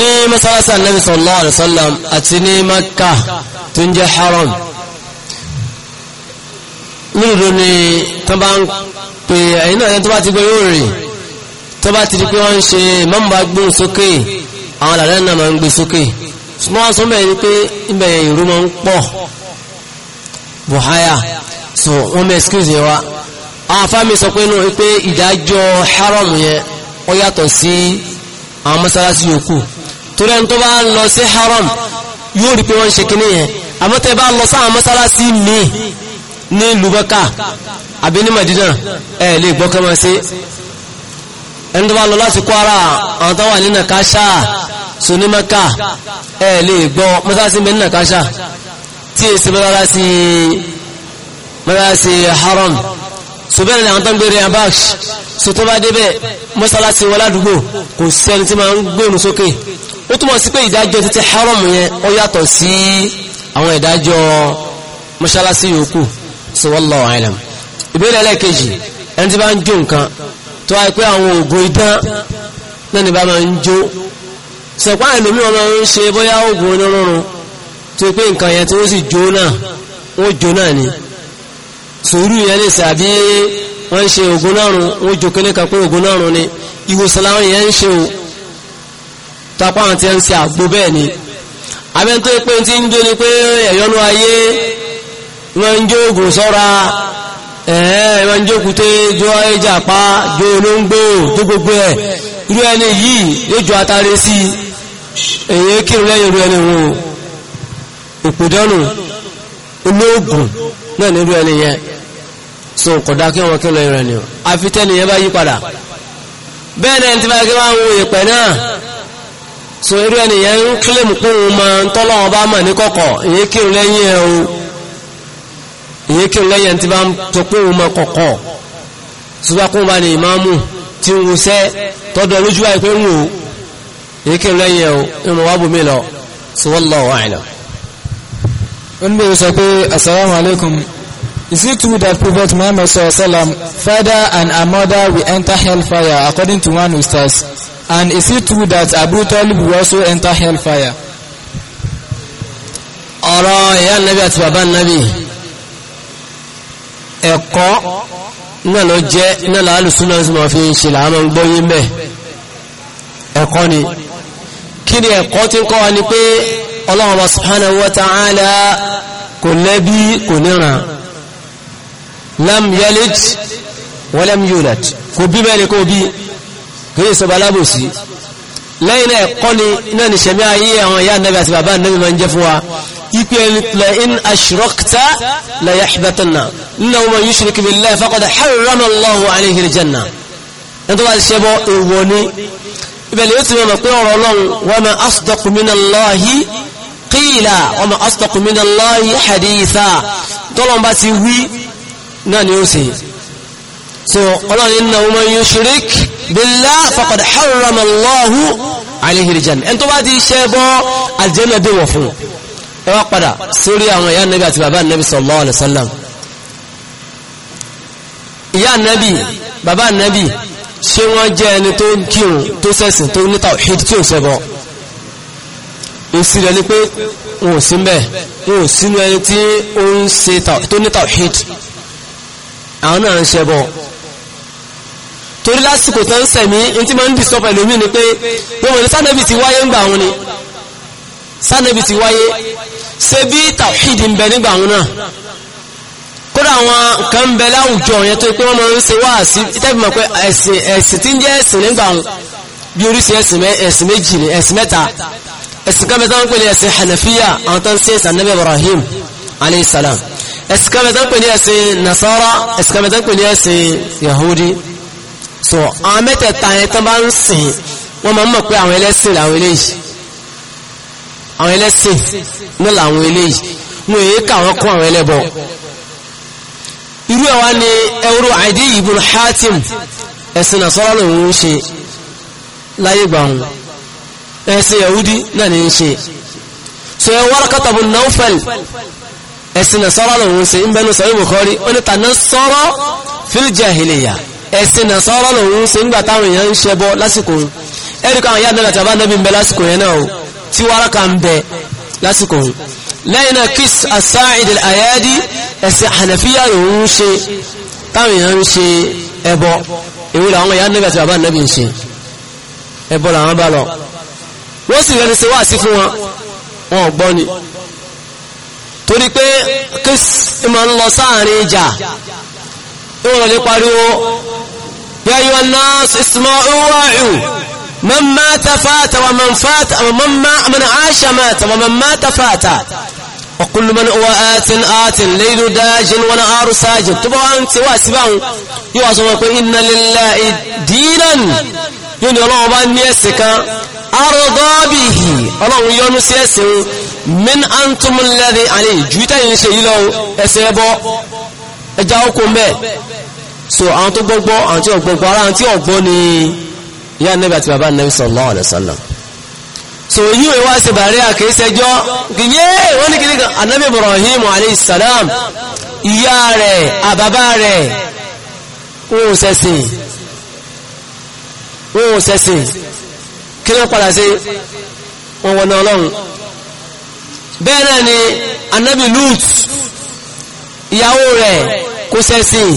ní mọ́sálásí ànábì sallallahu alaihi wasallam àti ní Makka tó ń jẹ́ haram lóòótọ́ ni tán bá ń pé ẹ̀yin náà yẹn tó bá ti gbé yóò rè tó bá ti di pé wọ́n ń ṣe mọ́mbà gbóhùn sókè àwọn àlàyé náà máa ń gbé sókè súnmọ́ wọn sọ́mbẹ̀ yìí pé ibẹ̀ yẹn ìrú máa ń pọ̀ buhaya so wọ́n mẹ́ excuse yẹn wa àwọn afámi sọ pé inú pé ìdájọ́ haram yẹn ó yàtọ̀ sí àwọn mọ́sálásí yòókù torí ẹni tó bá lọ sí haram yóò rí pé wọ́n ń ṣe kinní yẹn àmọ́ bá lọ sáwọn mọ́sálásí míì ní lùbọ́kà àbí ní Madina ẹ lè gbọ́ kọ́ máa ṣe ẹni tó bá lọ láti Kwara àwọn tó wà ní Nàkàṣà sunimaka ẹ lè gbọ́ mọ́sáàsì mẹ́rin Nàkàṣà tí èsì mọ́sára sí mọ́sáàsì haram sùbẹ́rẹ̀ ni àwọn tó ń gbére abash so tó bá débẹ̀ mọ́sálásí wọn ládùúgbò kò sí ẹni tí máa ń gbèrú sókè ó túmọ̀ sí pé ìdájọ́ títí haram yẹn ó yàtọ̀ sí àwọn ìdájọ́ mọ́sálásí yòókù so wallahu alam ìbéèrè ẹlẹ́ẹ̀kejì ẹni tí bá ń jó nǹkan tó wáyé pé àwọn oògùn idán náà ni bá máa ń jó sẹ̀pá ẹlòmí wọn máa ń ṣe bóyá oògùn onírúurú tó pé nǹkan yẹn ni sòrú yẹn lè sàbí wọ́n ń ṣe ogo náà rùn wọ́n jó kíní kan pé náà ni ìwòsàn làwọn yẹn ń ṣe o tapá àwọn tí ń ṣe àgbo bẹ́ẹ̀ ni pé ti ń jó ni pé ẹ̀yọ́nú ayé wọ́n ń jó sọ́ra ẹ̀ẹ́ wọ́n jókúté jó ẹjàpá jó olóngbò tó gbogbo ẹ̀ irú ẹni yìí yóò jọ atare sí èyí kírù lẹ́yìn irú ẹni wọn òpòdánù olóògùn náà nírú ẹni yẹn so kọ̀dá kí wọn kí lọ ìrìn ẹ̀nìyàn afitẹ́ni yẹn bá yí padà bẹ́ẹ̀ náà ti bá gẹ́gẹ́ máa ń wo ìpẹ́ náà so irú ẹni yẹn ń kílèmù kóhun máa ń tọ́lọ́wọ́n bá mà ní kọ̀kọ̀ èyí kírù lẹ́yìn ẹ̀ o ìyẹn kí n lẹ́yìn tí bá ń tọ́ pé òun máa kọ̀kọ̀ ṣùgbọ́n bá ní ìmáàmù tí ń wusẹ́ tọ́dọ̀ lójú wa pé ń wò ìyẹn kí n lẹ́yìn o ìmọ̀ wá bùnmi lọ sí wallahu a'lam. ó ní bẹ̀rẹ̀ sọ pé asalaamu alaykum is it true that prophet muhammad sọ salam father and her mother will enter hellfire according to one ustaz and is it true that abu talib will also enter hellfire. ọ̀rọ̀ ìyá nàbí àti bàbá nàbí ẹ̀kọ́ náà ló jẹ́ náà làálùsúnà sí ma fi ń ṣe làámọ́ ń gbóyé mẹ́ ẹ̀kọ́ ni kí ni ẹ̀kọ́ tí ń kọ́ wa ni pé Allahu subhanahu wa ta'ala ni náà ni náà ayé àwọn ìyá ànábì àti bàbá ànábì máa ń jẹ́ fún wa يقول لئن أشركت لا يحبطن إنه من يشرك بالله فقد حرم الله عليه الجنة أنت قال الشيبة إيواني إبالي يتمنى قرر الله وما أصدق من الله قيلا وما أصدق من الله حديثا طلعا باتي وي نان يوسي سو قال إنه من يشرك بالله فقد حرم الله عليه الجنة أنت بعد الجنة دي ẹ wá padà sórí àwọn ìyá nẹ́bí àti bàbá nẹ́bí sallallahu alaihi wasallam ìyá nẹ́bí bàbá nẹ́bí ṣé wọ́n jẹ́ ẹni tó ń kírun tó sẹ̀sìn tó ní tawhid tí ò ṣẹbọ èsì rẹ̀ ni pé wọn sí mbẹ́ wọn ò sínú ẹni tí ó ń ṣe tó ní tawhid àwọn náà ń ṣẹbọ torí lásìkò tó ń sẹ̀mí ní tí máa ń dìsọ́ pẹ̀lú mi ni pé wọ́n mọ̀ ní sánẹ́bì ti wáyé ń gbà wọn ni sánẹ́bì ti wáyé ṣe bí tàwíìdì ń bẹ nígbà wọn náà kódà àwọn kan ń bẹ láwùjọ yẹn tó pé wọ́n máa ń ṣe wá sí tẹ́bí mọ̀ pé ẹ̀sìn ẹ̀sìn tí ń jẹ́ ẹ̀sìn nígbà wọn bí oríṣi ẹ̀sìn méjì ni ẹ̀sìn mẹ́ta ẹ̀sìn kan bẹ tó ń pè ní ẹ̀sìn hanafiya àwọn tó ń ṣe ẹ̀sìn anabi ibrahim alayhis salam ẹ̀sìn kan bẹ tó ń pè ní ẹ̀sìn nasara ẹ̀sìn kan bẹ tó ń pè ní ẹ̀sìn yahudi so àwọn mẹ́tẹ̀ẹ̀ta yẹn tó bá ń sìn wọ́n máa ń mọ̀ pé àwọn ẹlẹ́sìn làwọn eléyìí àwọn ẹlẹ́sìn ní làwọn eléyìí wọn èyí káwọn kún àwọn ẹlẹ́bọ irú ẹ̀wá ni ẹwúrò àìdí ibn Hatim ẹ̀sìn àsọ́rọ̀ lòun ń ṣe láyé gbàhùn ẹ̀sìn Yahudi náà ní ń ṣe so ẹ Waraqata bin Nawfal ẹ̀sìn àsọ́rọ̀ lòun ṣe ń bẹnu sọ́yìn Bukhari ó ní tàná sọ́rọ̀ fil jahiliya ẹ̀sìn àsọ́rọ̀ tí wáraka ń bẹ lásìkò òun lẹ́yìn náà kís asáàìdì àyádi ẹ̀sìn ànàfíà lòun ń ṣe táwọn èèyàn ń ṣe ẹbọ èwe làwọn ìyá nígbà tí bàbá nàbì ń ṣe ẹbọ làwọn bá lọ wọ́n sì rẹni ṣe wáàsí fún wọn wọn ò gbọ́ ni torí pé kís máa ń lọ sáàrin ìjà ìwọ̀n lè pariwo yẹ́yọ́ náà ìsìnmọ́ ìwọ̀ àìwò من مات فات ومن فات ومن ما من عاش مات ومن مات فات وكل من هو آت آت ليل داج ونهار ساجد تبقى أنت واسبعون يواصلك إن لله دينا yóni ọlọ́run bá ní ẹ̀sìn kan arọ́dọ́bìhì ọlọ́run yọ́nú sí ẹ̀sìn min antumulẹ́rin àní ìjútẹ́ yìí ṣe yílọ ẹsẹ̀ ẹbọ ẹja oko mẹ́ so àwọn tó gbọ́gbọ́ àwọn tí ọ̀gbọ́gbọ́ ara àwọn tí ọ̀gbọ́ ni ìyá anabi àti bàbá anabi sallallahu alaihi wasallam so yíò ìwá sí bàrí àkèésẹjọ́ gbìyẹ wọ́n ní kìnnìkan anabi ibrahim alayhi salam ìyá rẹ̀ àbàbá rẹ̀ wọ́n ò sẹ́sìn wọ́n ò sẹ́sìn kí ló padà sí wọn wọ̀nà bẹ́ẹ̀ ni anabi lut ìyàwó rẹ̀ kò sẹ́sìn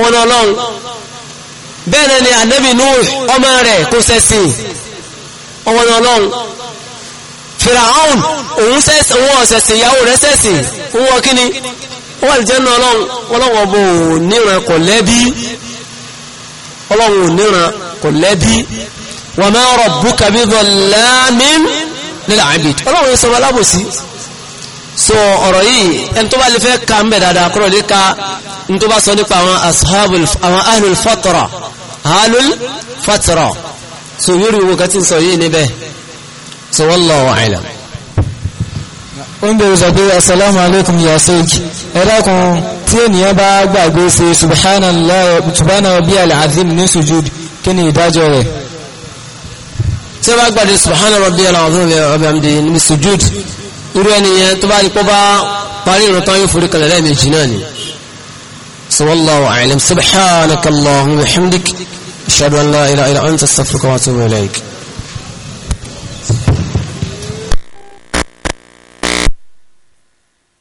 wọn ọlọ́run bẹ́ẹ̀ ni ànábì Nuh ọmọ rẹ̀ kò sẹ́sìn ọmọ ọlọ́run fìràhún òun ọ̀sẹ̀sìn ìyàwó rẹ̀ sẹ́sìn owó kíní wọ́n lè jẹ́nu ọlọ́run ọbọ̀ níran kò lẹ́bí ọlọ́run níran kò lẹ́bí wa ma rabbuka bi dhallamin lil abid ọlọ́run sọ alábòsí so ọ̀rọ̀ yìí ẹni tó bá lè fẹ́ ka ń bẹ̀ dáadáa kúrò lè ka ń tó bá sọ nípa àwọn ashabul halul fatra so yóò wo kàtí sọ yìí níbẹ̀ so wallahu a'lam. ó ń bèrè sọ pé asalaamu alaykum ya sheikh ẹ dákun tí ènìyàn bá gbàgbé ṣe subhanallah subhana rabbiyal azim ní sujud kí ni ìdájọ́ rẹ̀ tí a bá gbàgbé subhana rabbiyal azim rabbil hamdi ní sujud irú ẹnìyẹn tó bá rí pọ́ bá parí ìrọ̀tán yóò forí kalẹ̀ lẹ́ẹ̀mejì náà ni. والله أعلم سبحانك اللهم وبحمدك أشهد أن لا إله إلا أنت أستغفرك وأتوب إليك